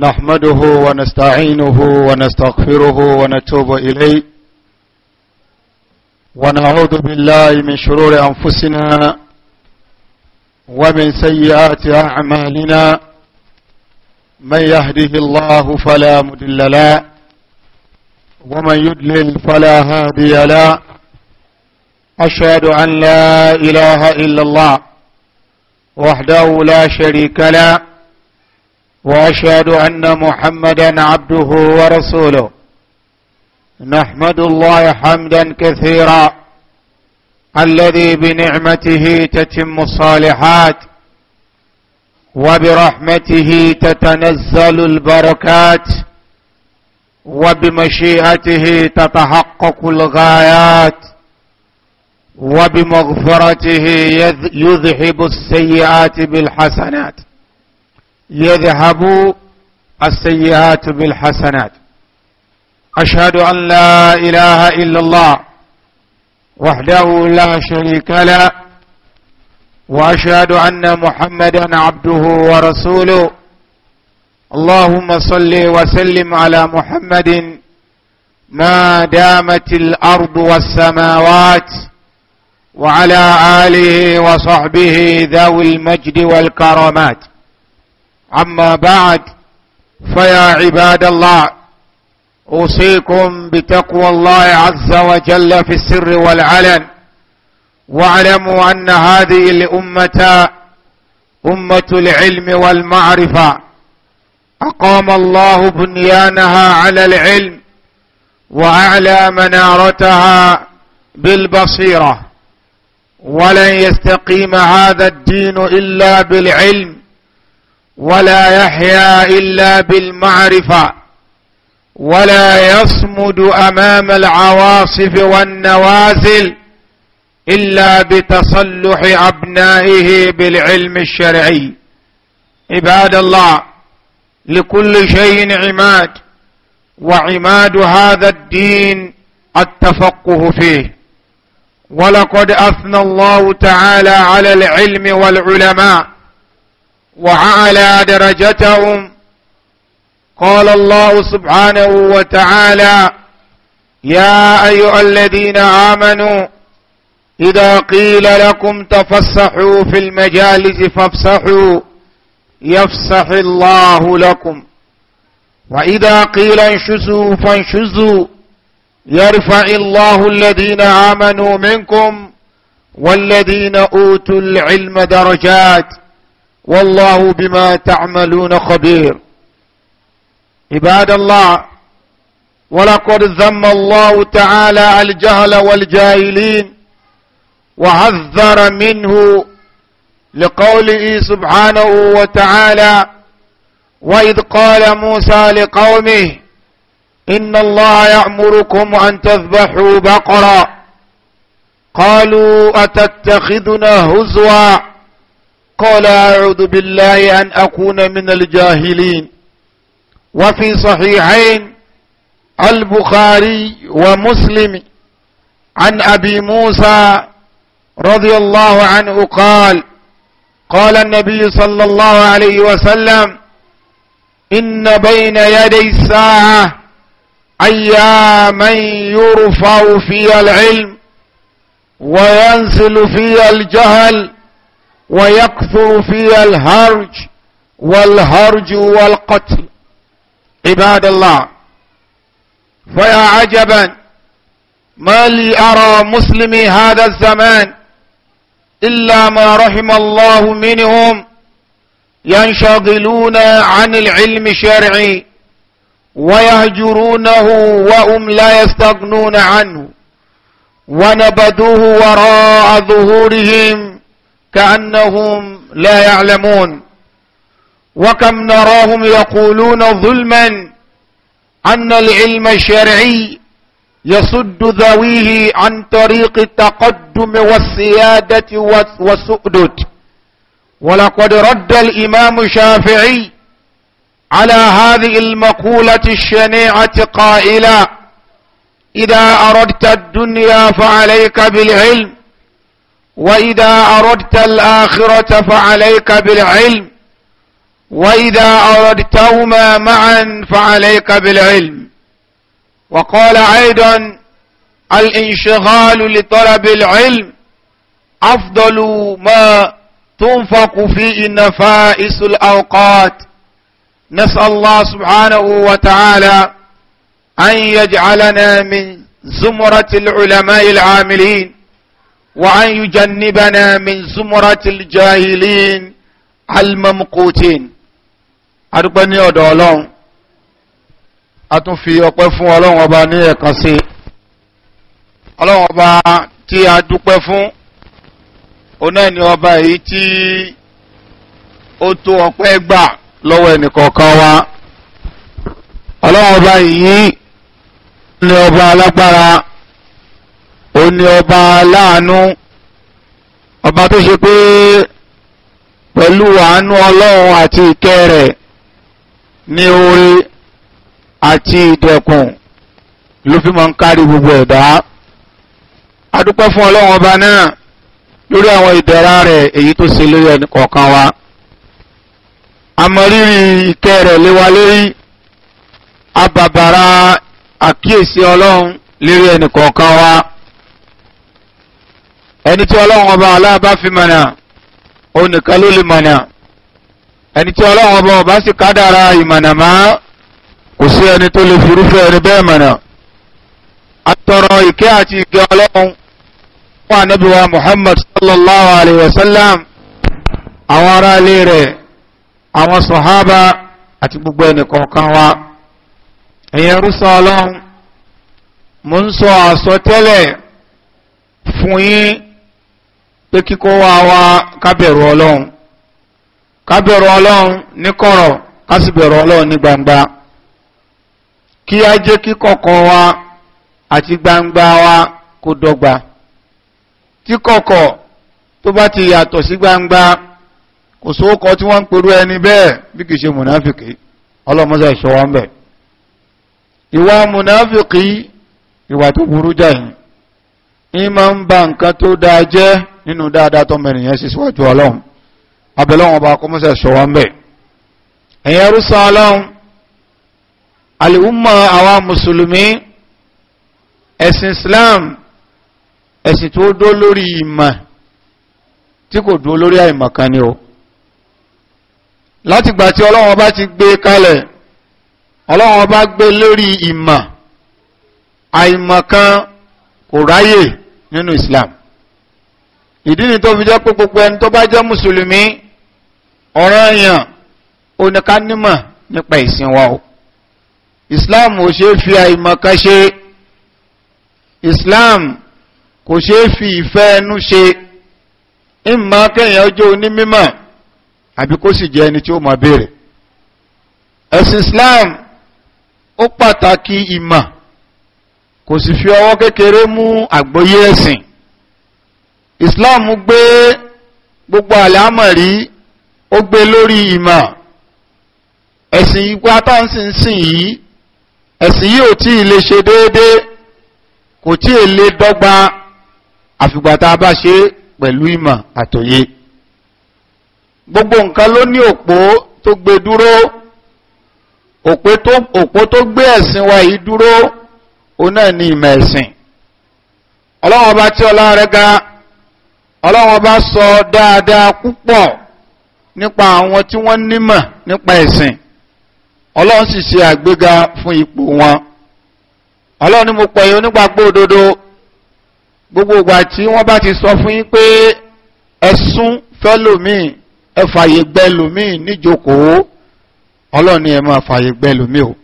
نحمده ونستعينه ونستغفره ونتوب إليه ونعوذ بالله من شرور أنفسنا ومن سيئات أعمالنا من يهده الله فلا مدل له ومن يدلل فلا هادي له أشهد أن لا إله إلا الله وحده لا شريك له واشهد ان محمدا عبده ورسوله نحمد الله حمدا كثيرا الذي بنعمته تتم الصالحات وبرحمته تتنزل البركات وبمشيئته تتحقق الغايات وبمغفرته يذهب السيئات بالحسنات يذهب السيئات بالحسنات أشهد أن لا إله إلا الله وحده لا شريك له وأشهد أن محمدا عبده ورسوله اللهم صل وسلم على محمد ما دامت الأرض والسماوات وعلى آله وصحبه ذوي المجد والكرامات أما بعد فيا عباد الله أوصيكم بتقوى الله عز وجل في السر والعلن واعلموا أن هذه الأمة أمة العلم والمعرفة أقام الله بنيانها على العلم وأعلى منارتها بالبصيرة ولن يستقيم هذا الدين إلا بالعلم ولا يحيا إلا بالمعرفة ولا يصمد أمام العواصف والنوازل إلا بتصلح أبنائه بالعلم الشرعي عباد الله لكل شيء عماد وعماد هذا الدين التفقه فيه ولقد أثنى الله تعالى على العلم والعلماء وعلى درجتهم قال الله سبحانه وتعالى يا أيها الذين آمنوا إذا قيل لكم تفسحوا في المجالس فافسحوا يفسح الله لكم وإذا قيل انشزوا فانشزوا يرفع الله الذين آمنوا منكم والذين أوتوا العلم درجات والله بما تعملون خبير عباد الله ولقد ذم الله تعالى الجهل والجاهلين وحذر منه لقوله سبحانه وتعالى وإذ قال موسى لقومه إن الله يأمركم أن تذبحوا بقرة قالوا أتتخذنا هزوا قال أعوذ بالله أن أكون من الجاهلين وفي صحيحين البخاري ومسلم عن أبي موسى رضي الله عنه قال قال النبي صلى الله عليه وسلم إن بين يدي الساعة أياما يرفع فيها العلم وينزل فيها الجهل ويكثر فيها الهرج والهرج والقتل عباد الله فيا عجبا ما لي أرى مسلمي هذا الزمان إلا ما رحم الله منهم ينشغلون عن العلم الشرعي ويهجرونه وهم لا يستغنون عنه ونبذوه وراء ظهورهم كأنهم لا يعلمون وكم نراهم يقولون ظلما أن العلم الشرعي يصد ذويه عن طريق التقدم والسيادة والسؤدد ولقد رد الإمام الشافعي على هذه المقولة الشنيعة قائلا إذا أردت الدنيا فعليك بالعلم وإذا أردت الآخرة فعليك بالعلم وإذا أردتهما معا فعليك بالعلم وقال أيضا الانشغال لطلب العلم أفضل ما تنفق فيه نفائس الأوقات نسأل الله سبحانه وتعالى أن يجعلنا من زمرة العلماء العاملين وأن يجنبنا من زمرة الجاهلين الممقوتين adúpẹ́ ní ọ̀dọ̀ ọlọ́run a tún fi ọpẹ́ fún ọlọ́run ọba ní ẹ̀kan sí ọlọ́run ọba tí a dúpẹ́ fún oná ẹni ọba èyí tí ó tó ọpẹ́ gbà lọ́wọ́ ẹnìkọ̀ọ̀kan wa ọlọ́run ọba yìí ní ọba alágbára ó ní ọba aláàánú ọba tó ṣe pé pẹ̀lú àánú ọlọ́run àti ìkẹ́ rẹ̀ ní oore àti ìdẹ̀kùn ló fi máa ń kárí gbogbo ẹ̀dá adúpẹ́ fún ọlọ́run ọba náà lórí àwọn ìdẹ̀ra rẹ̀ èyí tó ṣe lórí ẹnì kọ̀ọ̀kan wa àmọ̀rírì ìkẹ́ rẹ̀ léwa lórí abàbàrà àkíyèsí ọlọ́run lérí ẹnì kọ̀ọ̀kan wa ẹni tí ọlọ́run ọba aláàbá fi mọ̀nà òun nìkan ló lè mọ̀nà ẹni tí ọlọ́run ọba ọba sì kádàrá ìmọ̀nà má kò sí ẹni tó lè firúfẹ́ ẹni bẹ́ẹ̀ mọ̀nà. atọrọ ìkẹ́ àti ìgẹ́ ọlọ́run fún anábìwá Muhammad sallallahu alayhi wa sallam àwọn ará ilé rẹ̀ àwọn sọ̀hábà àti gbogbo ẹnì kọ̀ọ̀kan wa ẹ̀yẹ rúṣọ ọlọ́run mo ń sọ àsọtẹ́lẹ̀ fún yín pé kíkọ́ wá wá kábẹ̀rù ọlọ́run kábẹ̀rù ọlọ́run ní kọ̀rọ̀ kásìbẹ̀rù ọlọ́run ní gbangba kí á jẹ́ kíkọ̀kọ́ wá àti gbangba wá kó dọ́gba kíkọ̀kọ́ tó bá ti yàtọ̀ sí gbangba kò sówó kọ tí wọ́n ń pèrú ẹni bẹ́ẹ̀ bí kì í ṣe mùnáfìkì ọlọ́mọ́sá ìṣọ́ wọn bẹ̀ ìwà mùnáfìkì ìwà tó burú jà yìí ìmọ̀ ń ba nǹkan tó dáa jẹ́ nínú dáadáa tó mẹ́rin yẹn sì síwájú ọlọ́run abẹ́lọ́wọ́n bá kọ́mọ́sẹ̀ ṣọwọ́ ń bẹ̀ ẹ̀yẹ rúsọ ọlọ́run alìhùmọ̀ àwa mùsùlùmí ẹ̀sìn islam ẹ̀sìn tó dó lórí ìmọ̀ tí kò dó lórí àìmọ̀ kan ni o látìgbà tí ọlọ́run bá ti gbé kalẹ̀ ọlọ́run bá gbé lórí ìmọ̀ àìmọ̀ kan kò ráyè nínú islam ìdí ni tó fi jẹ́ pé gbogbo ẹni tó bá jẹ́ mùsùlùmí ọ̀ràn èèyàn oníkanímọ̀ nípa ìsìn wa o islam ò ṣe fi àìmọ̀kan ṣe islam kò ṣe fi ìfẹ́ ẹnu ṣe ìmọ̀ kẹ́yìn ọjọ́ onímímọ̀ àbí kó sì jẹ́ ẹni tí ó mọ̀ béèrè ẹ̀sìn islam ó pàtàkì ìmọ̀ kò sì fi ọwọ́ kékeré mú àgbọ́yé ẹ̀sìn islam gbé gbogbo àlámọ̀rí ó gbé lórí ìmọ̀ ẹ̀sìn ipá tó ń sìn sìn yìí ẹ̀sìn yìí ò tí ì lè ṣe déédéé kò tí ì lè dọ́gba àfìgbà tá a bá ṣe pẹ̀lú ìmọ̀ àtòyé gbogbo nǹkan ló ní òpó tó gbé dúró òpó tó gbé ẹ̀sìn wa yìí dúró òun náà ni ìmọ̀ ẹ̀sìn ọlọ́wọ́n bá tí ọlá ga ọlọ́wọ́n bá sọ dáadáa púpọ̀ nípa àwọn tí wọ́n nímọ̀ nípa ẹ̀sìn ọlọ́run sì ṣe àgbéga fún ipò wọn ọlọ́run ni mo pọ̀ yìí onígbàgbọ́ òdodo gbogbo ìgbà tí wọ́n bá ti sọ fún yín pé ẹ̀sùn fẹ́lòmíì ẹ fàyè gbẹ́lòmíì níjókòó ọlọ́run ni ẹ máa fàyè gbẹ́lòmíì o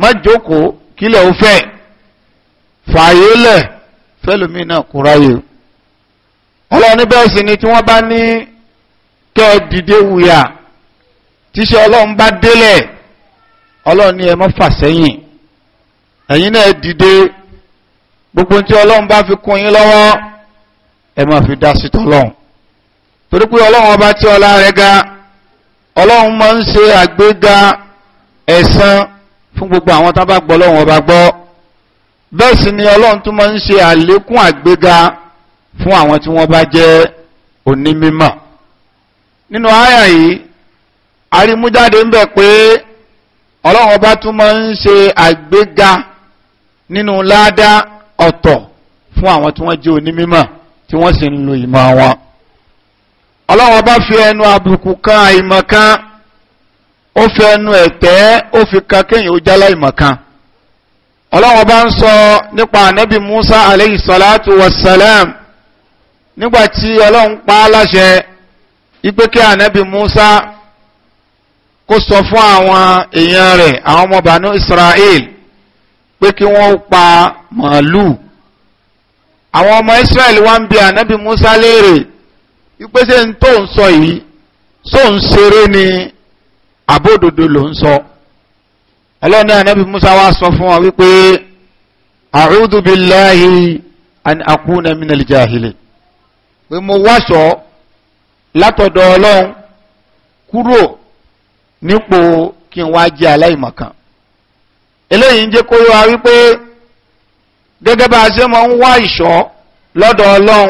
má jókòó kílẹ̀ ó fẹ́ fàyè lẹ̀ fẹ́lòmíì náà kó o ọlọ́run níbẹ̀ sì ni tí wọ́n bá ní kẹ́ ẹ dìde wùyà tíṣẹ́ ọlọ́run bá délẹ̀ ọlọ́run ní ẹ mọ́ fà sẹ́yìn ẹ̀yin náà dìde gbogbo tí ọlọ́run bá fi kún yín lọ́wọ́ ẹ máa fi dá sí tọ́lọ́run torí pé ọlọ́run ọba tí ọlá rẹ̀ ga ọlọ́run máa ń ṣe àgbéga ẹ̀san fún gbogbo àwọn tá ọlọ́run ọba gbọ́ bẹ́ẹ̀ sì ni ọlọ́run tún máa ń ṣe àlékún àgbéga fún àwọn tí wọ́n bá jẹ́ onímímọ̀ nínú àyà yìí arimújáde ń bẹ̀ pé ọlọ́run ọba tún máa ń ṣe àgbéga nínú ládá ọ̀tọ̀ fún àwọn tí wọ́n jẹ́ onímímọ̀ tí wọ́n sì ń lo ìmọ̀ wọn ọlọ́run ọba fi ẹnu àbùkù kan àìmọ̀ kan ó fi ẹnu ẹ̀tẹ́ ó fi kan kéèyàn ó jálá ìmọ̀ kan ọlọ́run ọba ń sọ nípa ànábì Musa aleyhi salatu wa salam nígbàtí ọlọ́run pa á láṣẹ ipé kí ànábì Musa kó sọ fún àwọn èèyàn rẹ̀ àwọn ọmọ Banu Israel pé kí wọ́n pa màálù àwọn ọmọ Israel wá ń bi ànábì Musa léèrè wípé ṣé n tó ń sọ yìí só ń ṣeré ni àbódodo ló ń sọ ọlọ́run ní ànábì Musa wá sọ fún wọn wípé a'udhu billahi an akuna minal pé mo wáṣọ látọ̀dọ̀ ọlọ́run kúrò nípò kí n wá jẹ́ aláìmọ̀kan eléyìí ń jẹ́ kó yọ wípé gẹ́gẹ́ bá a ṣe máa ń wá ìṣọ́ lọ́dọ̀ ọlọ́run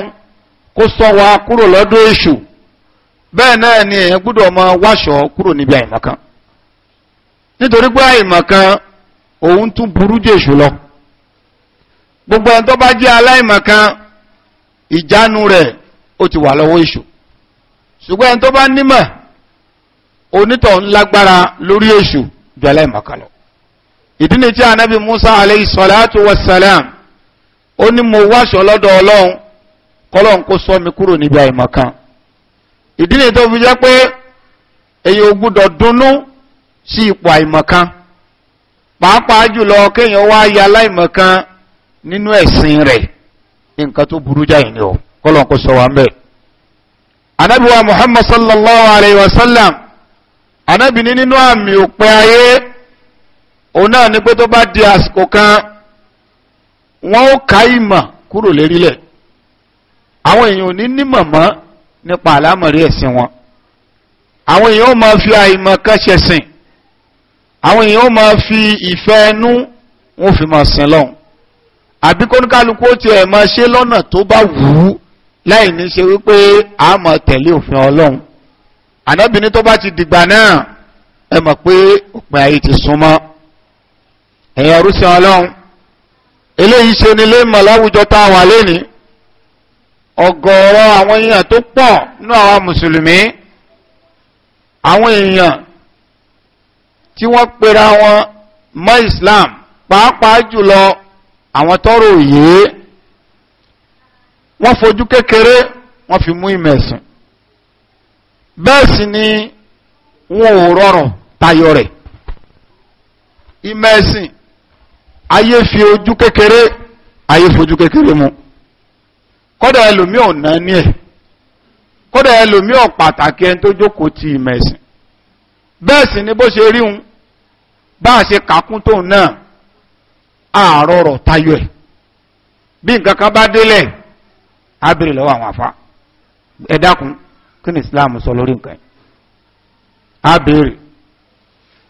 kó sọ wa kúrò lọ́dọ̀ èṣù bẹ́ẹ̀ náà ni èèyàn gbọ́dọ̀ máa wáṣọ kúrò níbi àìmọ̀kan nítorí pé àìmọ̀kan òun tún burú jèṣù lọ gbogbo ẹni tó bá jẹ́ aláìmọ̀kan ìjánu rẹ̀ ó ti wà lọ́wọ́ èṣù ṣùgbọ́n ẹni tó bá nímọ̀ onítọ̀ ńlágbára lórí èṣù ju aláìmọ̀kan lọ tí anábì Musa alayhi salatu wassalam ó ní mo wáṣọ lọ́dọ̀ ọlọ́run kọ́lọ́run kó sọ mi kúrò níbi ni tó fi jẹ́ pé èyí ò gbúdọ̀ dunnú sí ipò àìmọ̀kan pàápàá jùlọ kéèyàn wá ya aláìmọ̀kan nínú ẹ̀sìn rẹ̀ nǹkan tó burú jáì ni o kọ́lọ̀n kó sọ wà ń bẹ̀. anábìwá muhammad sallallahu alayhi wa sallam anábì ní nínú àmì òpin ayé òun náà ní pé tó bá di àsìkò kan wọ́n ó ká ìmọ̀ kúrò lérílẹ̀ àwọn èèyàn ò ní nímọ̀ mọ́ nípa àlámọ̀rí ẹ̀sìn wọn àwọn èèyàn ó máa fi àìmọ̀ kan ṣẹ̀sìn àwọn èèyàn ó máa fi ìfẹ́ ẹnu wọn fi máa sin lọ́hùn àbí kóníkálukú ó tiẹ̀ máa ṣe lọ́nà tó bá wù ú láì ní ṣe wípé a máa tẹ̀lé òfin ọlọ́run ànábìnrin tó bá ti dìgbà náà ẹ mọ̀ pé òpin ayé ti súnmọ́ ẹ̀yin ọ̀rúsìn ọlọ́run eléyìí ṣe ni léèmọ̀ láwùjọ tá a wà lẹ́ni ọ̀gọ̀ọ̀rọ̀ àwọn èèyàn tó pọ̀ nínú àwọn mùsùlùmí àwọn èèyàn tí wọ́n pera wọn mọ́ Islam pàápàá jùlọ àwọn tọ́rọ òye wọ́n fojú kékeré wọ́n fi mú ìmẹ̀sìn bẹ́ẹ̀ sì ni wọn ò rọrùn tayọ rẹ̀ ìmẹ̀sìn ayé fi ojú kékeré ayé fojú kékeré mu kódà ẹlòmíì ò nání ẹ̀ kódà ẹlòmíì ò pàtàkì ẹni tó jókòó ti ìmẹ̀sìn bẹ́ẹ̀ sì ni bó ṣe rí un bá a ṣe kàkún tóun náà àárọ̀rọ̀ tayọ ẹ̀ bí nǹkan kan bá délẹ̀ á bèrè lọ́wọ́ àwọn àfa ẹ kí ni islam sọ lórí nǹkan yìí á bèrè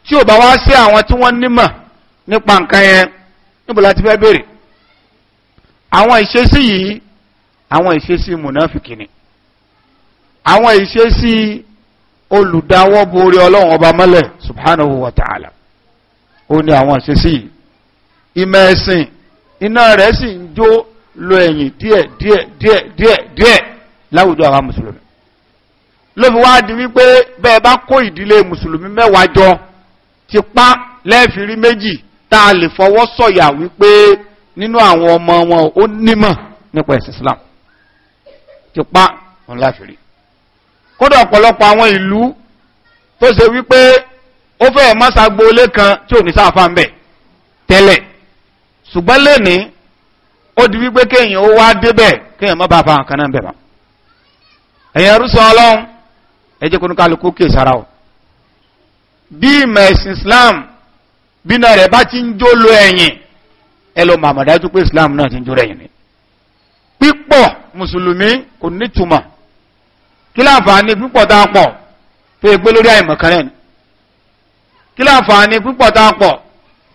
tí ò bá wá sí àwọn tí wọ́n nímọ̀ nípa nǹkan yẹn níbo la ti fẹ́ bèrè àwọn ìṣesí yìí àwọn ìṣesí mùnáfìkì ni àwọn ìṣesí olùdáwọ́ borí ọlọ́run ọba mọ́lẹ̀ subhanahu wa ta'ala ó ní àwọn ìṣesí yìí ìmọ̀ iná rẹ̀ sì ń jó lọ ẹ̀yìn díẹ̀ díẹ̀ díẹ̀ díẹ̀ díẹ̀ láwùjọ àwọn mùsùlùmí ló fi wá di wípé bẹ́ẹ̀ bá kó ìdílé mùsùlùmí mẹ́wàá jọ ti pa lẹ́ẹ̀fìrí méjì tá a lè fọwọ́ sọ̀yà wípé nínú àwọn ọmọ wọn ó nímọ̀ nípa ẹ̀sìn Islam ti pa wọn láfìrí kódà ọ̀pọ̀lọpọ̀ àwọn ìlú tó ṣe wípé ó fẹ́ mọ́sàgbó olé kan tí ò ní sáfà ń bẹ̀ tẹ́lẹ̀ ṣùgbọ́n lẹ́nìí ó di wípé kéèyàn ó wá débẹ̀ kéèyàn má bàa fa nǹkan náà bẹ̀ mọ́ ẹ̀yìn ẹrú sọ ọlọ́run ẹ jẹ́ kó kálukú kè sára o bí ìmọ̀ ẹ̀sìn Islam bí náà rẹ̀ bá ti ń jó lo ẹ̀yìn ẹ lọ màmá dájú pé Islam náà ti ń jó rẹ̀yìn ni pípọ̀ mùsùlùmí kò nítumọ̀ kí láǹfààní pípọ̀ tá a pọ̀ tó yẹ pé lórí àìmọ̀ kan náà ni kí láǹfààní pípọ̀ tá a pọ̀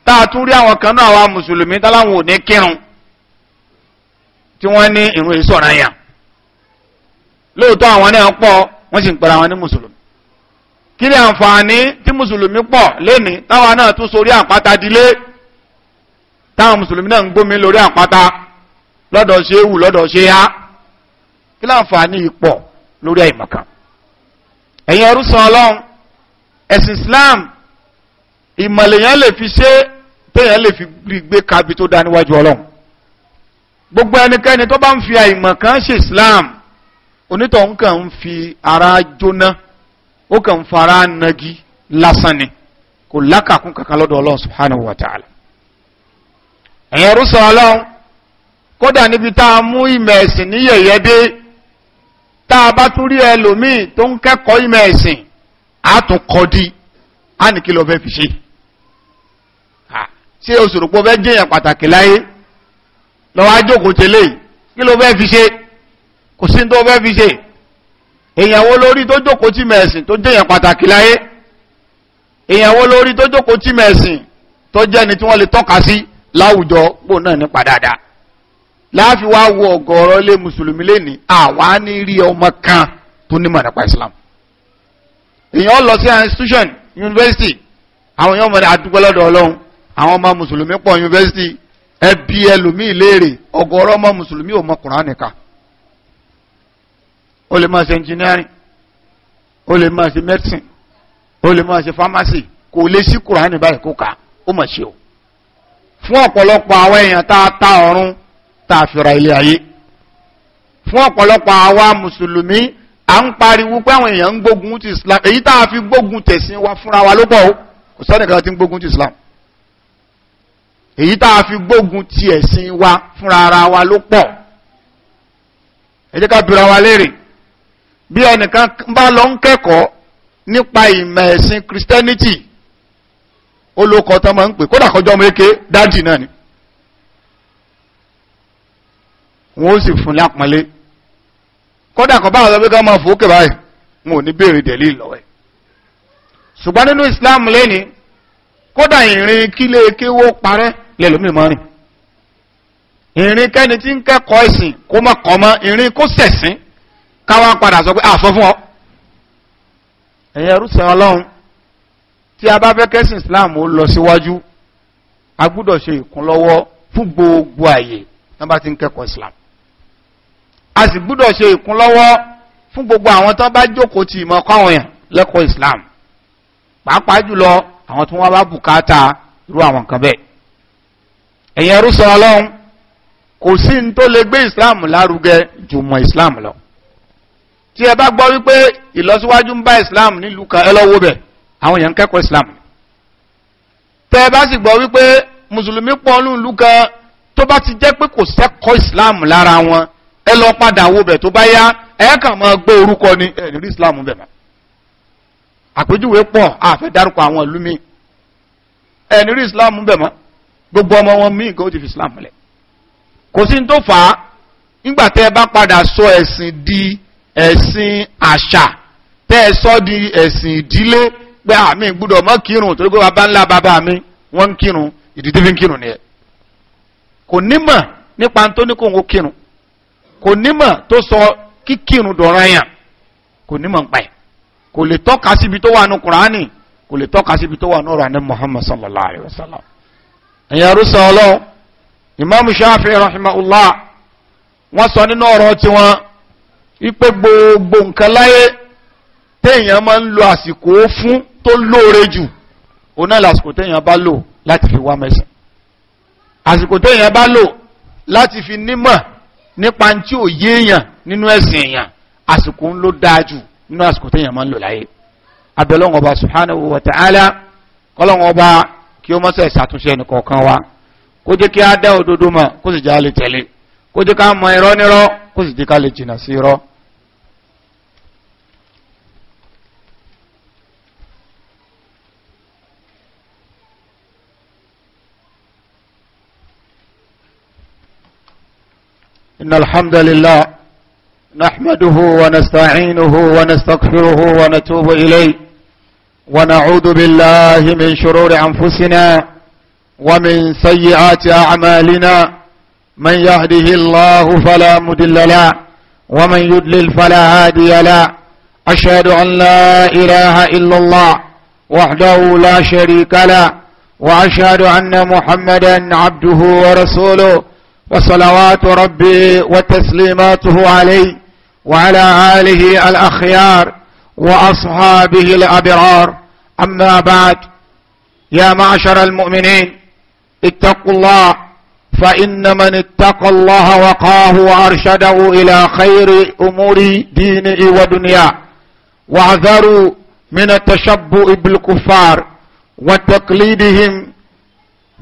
tá a tún rí àwọn kan náà àwa mùsùlùmí táláwọn ò ní kírun tí wọ́n ní ìrun èso ọ̀ràn yàn lóòótọ́ àwọn náà pọ̀ wọ́n sì ń pẹ̀lú àwọn ní mùsùlùmí kí ni àǹfààní tí mùsùlùmí pọ̀ lénìí táwọn náà tún sórí àpáta dilé táwọn mùsùlùmí náà ń gbómi lórí àpáta lọ́dọ̀ ṣe wù lọ́dọ̀ ṣe há kí láǹfààní ipọ̀ lórí àìmọ̀kan ẹ̀yin ẹrúsàn ọlọ́run ẹ̀sìn Islam ìmọ̀lẹ̀yàn lè fi ṣe téèyàn lè fi gbé kabi tó dá níwájú ọlọ́run gbogbo ẹnikẹ́ni tó bá ń fi àìmọ̀ kan ṣe islam onítọ̀hún kàn ń fi ara jóná ó kàn ń fara nagi lásán ni kò lákàkún kankan lọ́dọ̀ ọlọ́run subhanahu wa ta'ala ẹ̀yìn rúṣọ ọlọ́run kódà níbi tá a mú ìmọ̀ ẹ̀sìn ní yẹ̀yẹ́ dé tá a bá tún rí ẹlòmíì tó ń kẹ́kọ̀ọ́ ìmọ̀ ẹ̀sìn á tún kọ́ di á ní kí ló fẹ́ fi ṣe ṣé oṣù rògbò fẹ́ jẹ́yàn pàtàkì láyé lọ́wọ́ ajókòó tẹ́lẹ̀ kí ló fẹ́ fi ṣe kò sí tó fẹ́ fi ṣe èyàwó lórí tó jókòó tí mẹ̀sìn tó jẹ́yàn pàtàkì láyé èyàwó lórí tó jókòó tí mẹ̀sìn tó jẹ́ni tí wọ́n lè tọ́ka sí láwùjọ pò náà nípa dáadáa láàfin wá wo ọ̀gọ̀ọ̀rọ̀ ilé mùsùlùmí lẹ́ni àwa ní rí ọmọ kan tó nímọ̀ nípa Islam èyàn lọ sí institution university àwọn èèyàn mọ̀ ní adúgbò lọ́dọ̀ Ọlọ́run àwọn ọmọ mùsùlùmí pọ̀ university ẹ bi ẹlòmíì léèrè ọ̀gọ̀rọ̀ ọmọ mùsùlùmí ò mọ kùránì kà ó lè máa ṣe engineering ó lè máa ṣe medicine ó lè máa ṣe pharmacy kò lè sí kùránì báyìí kó kà ó mà ṣe o fún ọ̀pọ̀lọpọ̀ àwọn èèyàn tá a ta ọ̀run tá a fìrà ilé ayé fún ọ̀pọ̀lọpọ̀ àwa mùsùlùmí à ń pariwo pé àwọn èèyàn ń gbógun ti Islam èyí tá a fi gbógun tẹ̀sìn wa fúnra wa ló pọ̀ o kò sẹ́nìkan tí ń gbógun ti Islam èyí tá a fi gbógun ti ẹ̀sìn wa fúnra ara wa ló pọ̀ ẹ ká bira wa léèrè bí ẹnìkan bá lọ ń kẹ́kọ̀ọ́ nípa ìmọ̀ ẹ̀sìn Christianity ó ló kọ tán máa ń pè kódà kọjọ́ mẹ́kẹ́ dájì náà ni wọ́n ó sì fún lápọ́nlé kódà kan báwọn ọlọ́pẹ́ ká máa fòókè báyìí wọn ò ní béèrè dẹ̀lí ìlọ́wẹ́ ṣùgbọ́n nínú Islam lẹ́ni kódà ìrìn kílé kéwó parẹ́ lẹ́lómi mọ́ rìn ìrìn kẹ́ni tí ń kẹ́kọ̀ọ́ ìsìn kó mọ́ kọ́ mọ́ ìrìn kó sẹ̀sìn káwá padà sọ pé àsọ fún ọ ẹ̀yẹ rúṣẹ́ ọlọ́run tí a bá fẹ́ kẹ́sìn Islam ó lọ síwájú a gbúdọ̀ ṣe ìkúnlọ́wọ́ fún gbogbo àyè tán bá ti ń kẹ́kọ̀ọ́ Islam a sì gbúdọ̀ ṣe ìkúnlọ́wọ́ fún gbogbo àwọn tán bá jókòó ti ìmọ̀ kọ́ àwọn yàn lẹ́kọ̀ọ́ Islam pàápàá jùlọ àwọn tí wọ́n bá bùkátà irú àwọn kan bẹ́ẹ̀ ẹ̀yin ẹrú sọ ọlọ́run kò sí ní tó lè gbé islam lárugẹ jùmọ̀ islam lọ tí ẹ bá gbọ́ wípé ìlọsíwájú ń bá islam nílùú kan ẹ lọ́wọ́ bẹ̀ àwọn èèyàn ń kẹ́kọ̀ọ́ islam tẹ́ ẹ bá sì gbọ́ wípé mùsùlùmí pọ̀ nílùú kan tó bá ti jẹ́ pé kò sẹ́kọ̀ọ́ islam lára wọn ẹ lọ padà wo bẹ̀ tó bá yá ẹ kàn máa gbé orúkọ ní ẹ̀rí islam bẹ̀ mọ́ àpéjúwe pọ̀ àfẹ́ dárúkọ àwọn ìlú mi ẹni rí islam bẹ̀ mọ́ gbogbo ọmọ wọn míì kó ti fi islam lẹ̀ kò sí tó fà á nígbà tẹ́ ẹ bá padà sọ ẹ̀sìn di ẹ̀sìn àṣà tẹ́ ẹ sọ di ẹ̀sìn ìdílé pé àmì gbúdọ̀ mọ́ kírun torí pé bàbá ńlá bàbá mi wọ́n ń kírun ìdí tí fi ń kírun nìyẹn kò nímọ̀ nípa tó ní kóńgó kírun kò nímọ̀ tó sọ kíkírun dọ̀ranyàn kò nímọ̀ ń pa ẹ̀ kò lè tọ́ka síbi tó wà ní kùránì kò lè tọ́ka síbi tó wà ní ọ̀rọ̀ àní muhammad sallallahu alaihi wa sallam ẹ̀yà rúṣà ọlọ́run imam shafi rahimahullah wọ́n sọ nínú ọ̀rọ̀ tiwọn wípé gbogbo nǹkan láyé téèyàn máa ń lo àsìkò fún tó lóore jù òun náà lásìkò téèyàn bá lò láti fi wá mẹ́sàn àsìkò téèyàn bá lò láti fi nímọ̀ nípa tí ò yéèyàn nínú ẹ̀sìn èèyàn àsìkò ń ló dáa jù nínú àsìkò téèyàn máa ń lò láyé abẹ́lọ́wọ́n ọba subhanahu wa ta'ala kọ́lọ́wọ́n ọba kí ó mọ́sẹ̀ ṣàtúnṣe ẹnìkọ̀ọ̀kan wa kó jẹ́ kí á dá òdodo mọ̀ kó sì já lè tẹ̀lé kó jẹ́ ká الحمد لله نحمده ونستعينه ونستغفره ونتوب إليه ونعوذ بالله من شرور أنفسنا ومن سيئات أعمالنا من يهده الله فلا مدل له ومن يدلل فلا هادي له أشهد أن لا إله إلا الله وحده لا شريك له وأشهد أن محمدا عبده ورسوله وصلوات ربي وتسليماته عليه وعلى آله الأخيار وأصحابه الأبرار أما بعد يا معشر المؤمنين اتقوا الله فإن من اتقى الله وقاه وأرشده إلى خير أمور دينه ودنياه واعذروا من التشبؤ بالكفار وتقليدهم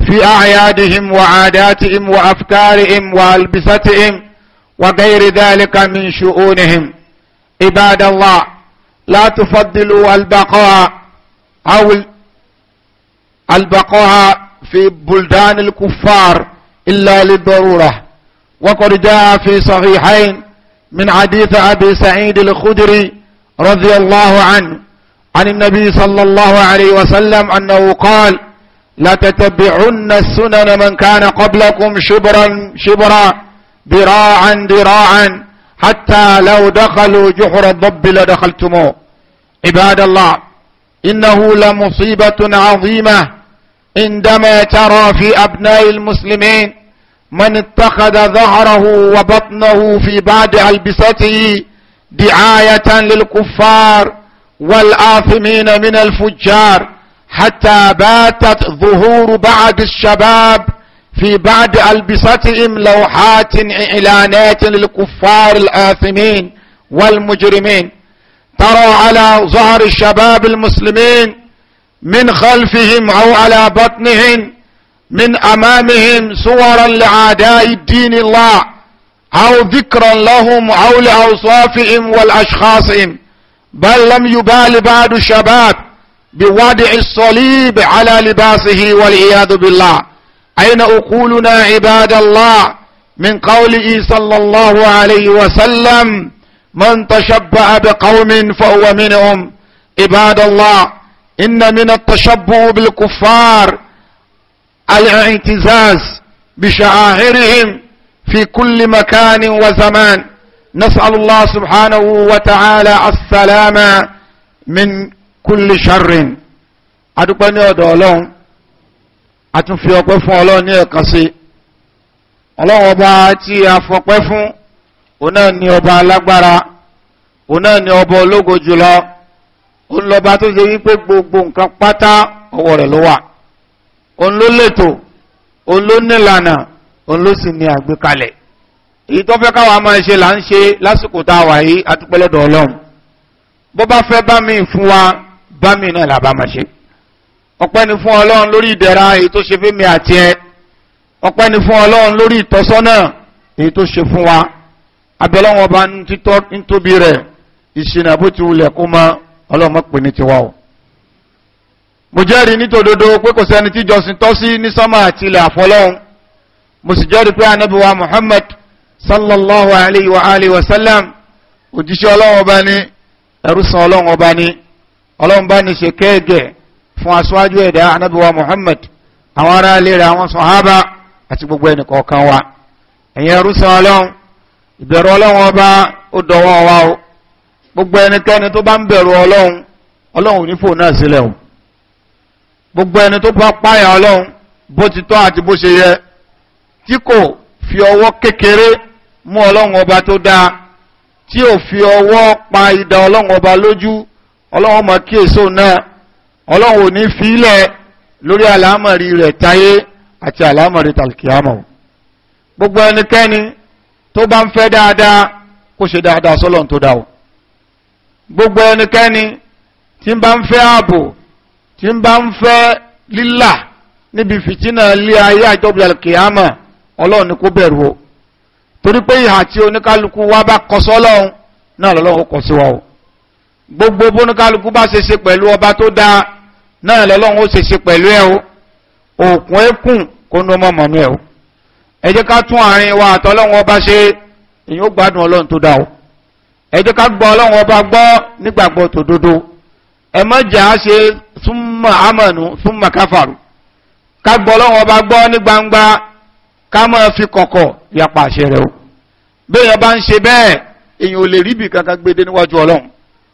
في أعيادهم وعاداتهم وأفكارهم وألبستهم وغير ذلك من شؤونهم عباد الله لا تفضلوا البقاء أو البقاء في بلدان الكفار إلا للضرورة وقد جاء في صحيحين من حديث أبي سعيد الخدري رضي الله عنه عن النبي صلى الله عليه وسلم أنه قال لتتبعن السنن من كان قبلكم شبرا شبرا ذراعا ذراعا حتى لو دخلوا جحر الضب لدخلتموه عباد الله إنه لمصيبة عظيمة عندما ترى في أبناء المسلمين من اتخذ ظهره وبطنه في بعض ألبسته دعاية للكفار والآثمين من الفجار حتى باتت ظهور بعض الشباب في بعض ألبستهم لوحات إعلانات للكفار الآثمين والمجرمين ترى على ظهر الشباب المسلمين من خلفهم أو على بطنهم من أمامهم صورا لعداء الدين الله أو ذكرا لهم أو لأوصافهم والأشخاصهم بل لم يبال بعض الشباب بوضع الصليب على لباسه والعياذ بالله أين أقولنا عباد الله من قوله صلى الله عليه وسلم من تشبع بقوم فهو منهم عباد الله إن من التشبع بالكفار الاعتزاز بشعائرهم في كل مكان وزمان نسأل الله سبحانه وتعالى السلام من كل شر أدبني أدولون a tún ọpẹ́ fún ọlọ́run ní ẹ̀kan sí ọlọ́run ọba tí a fọpẹ́ fún òun náà ni ọba alágbára òun náà ni ọba ológo jùlọ òun lọba tó ṣe wípé gbogbo nǹkan pátá ọwọ́ rẹ̀ ló wà òun ló lètò òun ló nílànà òun ló sì ní àgbékalẹ̀ èyí tó fẹ́ káwa máa ṣe là ń ṣe lásìkò tá a wà yìí a ọlọ́run bó bá fẹ́ bá mi fún wa bá mi náà làbá máa ṣe ọpẹ́ ni fún ọlọ́run lórí ìdẹ̀ra èyí tó ṣe fẹ́mi àti ẹ ọpẹ́ ni fún ọlọ́run lórí ìtọ́sọ́nà èyí tó ṣe fún wa abẹ́lọ́wọ́n ọba ń tóbi rẹ̀ ìṣìnà bó ti wulẹ̀ kó mọ ọlọ́mọ pè ní tiwa o. mo jẹ́rìí nítòdodo pé kò sẹ́ni tí jọ́sìn tọ́ sí ní sánmà àti ilẹ̀ àfọlọ́hún mo sì jẹ́rìí pé ànábì wa Muhammad sallallahu alayhi wa alayhi wa sallam òjíṣẹ́ ọlọ́run ọba ní ẹrú san ọlọ́run ọba ní ọlọ́run bá ní ṣe kéègè fún aṣáájú ẹ̀dá anábíwá muhammad àwọn ará ilé àwọn sọ̀hábà àti gbogbo ẹnì kọ̀ọ̀kan wa ẹ̀yin ẹrúsàn ọlọ́run ìbẹ̀rù ọlọ́run ọba ó o gbogbo ẹnikẹ́ni tó bá ń bẹ̀rù ọlọ́run ọlọ́run ò ní fò o gbogbo ẹni bá paya ati fi kekere mu ọba o fi náà ọlọ́run ní fílẹ̀ lórí àlámọ̀rí rẹ̀ táyé àti àlámọ̀rí tàlkìámọ̀ gbogbo ẹnikẹ́ni tó bá ń fẹ́ dáadáa kó ṣe dáadáa sọ́lọ́n tó dáa gbogbo ẹnikẹ́ni tí ń bá ń fẹ́ ààbò tí ń bá ń fẹ́ lílà níbi o torí pé ìhà tí oníkálukú wa bá kọ sọ́lọ́run náà lọ́lọ́run o gbogbo bá ṣe ṣe pẹ̀lú ọba tó dáa náà lọ́lọ́run ó ṣe pẹ̀lú ẹ o òkun ẹkùn kó ní ọmọ mọ̀nú ẹ o ẹ jẹ́ ká tún àárín wa àtọ́lọ́run ọba ṣe èyí ó gbádùn ọlọ́run tó dá o ẹ jẹ́ ká gbọ́ ọlọ́run ọba gbọ́ nígbàgbọ́ tòdodo ẹ má jà ṣe súnmọ́ àmọ̀nù súnmọ́ káfàrù ká gbọ́ ọlọ́run ọba gbọ́ ní gbangba ká má fi kọ̀kọ̀ yapa àṣẹ rẹ o béèyàn bá ń ṣe bẹ́ẹ̀ èyàn ò lè ríbi kankan gbé dé níwájú ọlọ́run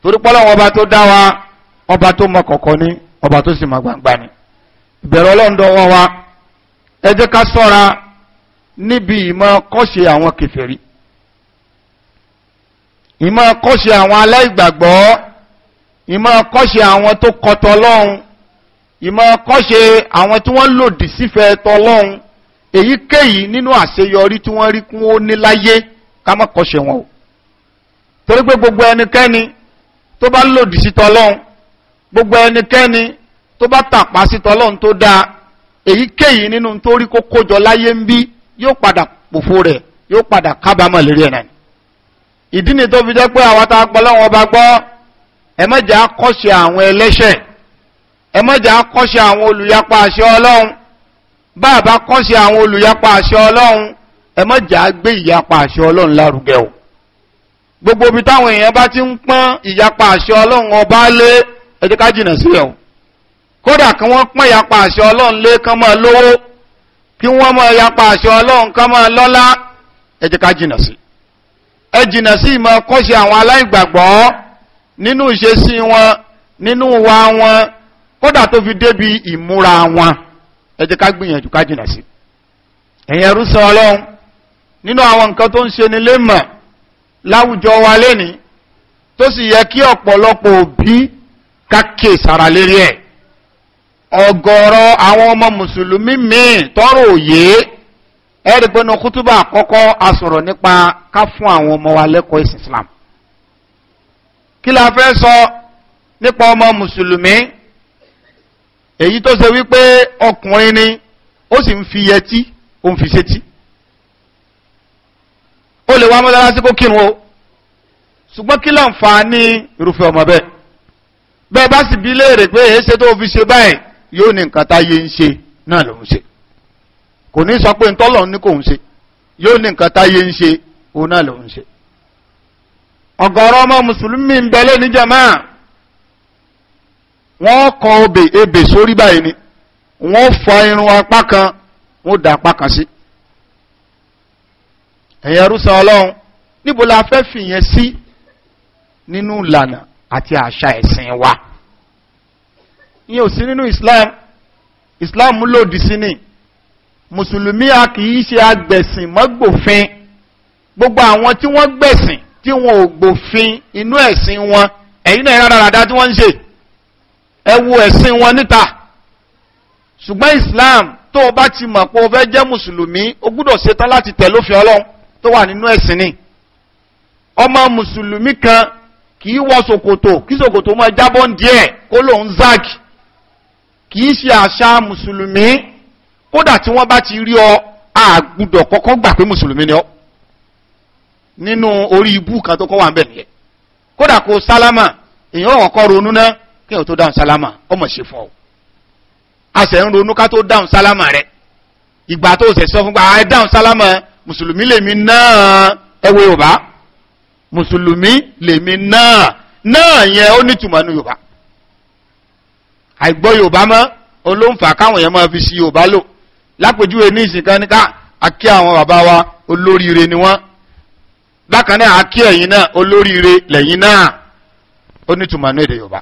torí pé ọba tó dá wa ọba tó mọ kọ̀kọ̀ ni ọba tó sì máa gbangba ni ìbẹ̀rù ọlọ́run dọ́wọ́ wa ẹ jẹ́ ká sọ́ra níbi ìmọ̀ kọ́ṣe àwọn kèfèrí ìmọ̀ kọ́ṣe àwọn aláìgbàgbọ́ ìmọ̀ kọ́ṣe àwọn tó kọtọ lọ́hun ìmọ̀ kọ́ṣe àwọn tí wọ́n lòdì sífẹ́ tọ lọ́hun èyíkéyìí nínú àṣeyọrí tí wọ́n rí kún ó ní láyé ká má kọ́ṣe wọn o torí pé gbogbo ẹnikẹ́ni tó bá lòdì sí tọ lọ́hun gbogbo ẹnikẹ́ni tó bá tàpá sí tọ́lọ́run tó dáa èyíkéyìí nínú tó rí kó kójọ láyé ń bí yóò padà pòfo rẹ̀ yóò padà kábàámọ̀ lérí ẹ̀ náà ìdí ni tó fi jẹ́ pé àwọn tá a gbọ́ lọ́wọ́ ọba gbọ́ ẹ má jẹ́ àwọn ẹlẹ́ṣẹ̀ ẹ má jẹ́ àwọn olùyapa àṣẹ ọlọ́run bá a bá kọ́ṣe àwọn olùyapa àṣẹ ọlọ́run ẹ má agbé ìyapa àṣẹ ọlọ́run lárugẹ o gbogbo ibi táwọn èèyàn bá ti ń pọ́n ìyapa àṣẹ ọlọ́run ọba lé ẹ jẹ́ ká jìnà sí ẹ̀hún kódà kí wọ́n pọ́n yapa àṣẹ ọlọ́run lé kán máa lówó kí wọ́n máa yapa àṣẹ ọlọ́run kán máa lọ́lá ẹ jẹ́ ká jìnà sí ẹ jìnà sí ìmọ̀ kọ́ṣe àwọn aláìgbàgbọ́ nínú ìṣesí wọn nínú wa wọn kódà tó fi débi ìmúra wọn ẹ jẹ́ ká gbìyànjú ká jìnà sí ẹ̀yin ẹrú sọ ọlọ́run nínú àwọn nǹkan tó ń ṣe ni lé mọ̀ láwùjọ wa lénìí tó sì yẹ kí ọ̀pọ̀lọpọ̀ òbí kákè sára lérí ẹ̀ ọ̀gọ̀rọ̀ àwọn ọmọ mùsùlùmí míì tọrọ òye ẹ̀rí pé ní kútúbà àkọ́kọ́ a nípa ká fún àwọn ọmọ wa lẹ́kọ̀ọ́ ìsìn Islam kí la fẹ́ sọ nípa ọmọ mùsùlùmí èyí tó ṣe wípé ọkùnrin ni ó sì ń fi yẹtí ó ń fi sétí ó lè wá mọ́sálásí kó kírun o ṣùgbọ́n kí ló ń fa ní irúfẹ́ ọmọ bẹ́ẹ̀ bẹ́ẹ̀ bá sì bí léèrè pé èéṣe tó fi ṣe báyìí yóò ní nǹkan táyé ń ṣe náà ló ń ṣe kò ní sọ pé ntọ́lọ̀ ní kò ń ṣe yóò ní nǹkan táyé ń ṣe òun náà ló ń ṣe. ọ̀gọ̀rọ̀ wọ́n kọ ebè ni wọ́n fa irun apá kan wọ́n dà apá kan sí. ẹ̀yin san ọlọ́run níbo la fẹ́ fìyẹn àti àṣà ẹ̀sìn wa ìyẹn ò nínú islam islam lòdì sí ni mùsùlùmí a kì í ṣe agbẹ̀sìn mọ́gbòfin gbogbo àwọn tí wọ́n gbẹ̀sìn tí wọn ò gbòfin inú ẹ̀sìn wọn ẹ̀yin náà rárára tí wọ́n ń ṣe ẹ ẹ̀sìn wọn níta ṣùgbọ́n islam tó o bá ti mọ̀ pé o fẹ́ jẹ́ mùsùlùmí o gbúdọ̀ ṣetán láti tẹ̀ lófin ọlọ́run tó wà nínú ẹ̀sìn ni ọmọ mùsùlùmí kan kì í wọ ṣòkòtò kí ṣòkòtò máa jábọ́ díẹ̀ kó lòun zag kì í ṣe àṣà mùsùlùmí kódà tí wọ́n bá ti rí ọ àgùdọ̀ kọ́kọ́ gbà pé mùsùlùmí ni ọ nínú orí ibú kan tó kọ́ wà ń bẹ̀ nìyẹn kódà kó sálámà èèyàn ọ̀kọ́ ronú ná kí èèyàn tó dáhùn sálámà ọmọ ṣe fún a sì ń ronú ká tó dáhùn sálámà rẹ ìgbà tó ṣẹ̀ sọ fún gbà á dáhùn sálámà mùsùlùmí lèmi náà ẹwẹ́ yorùbá mùsùlùmí lèmi náà náà yẹn ó nítumọ̀ ní yorùbá àìgbọ́ yorùbá mọ́ olóǹfà káwọn yẹn máa fi sí yorùbá lò lápèjúwe ní ìsìnkan níká akí àwọn bàbá wa olóríire ni wọ́n bákan náà akí ẹ̀yin náà olóríire lẹ́yìn náà ó nítumọ̀ ní èdè yorùbá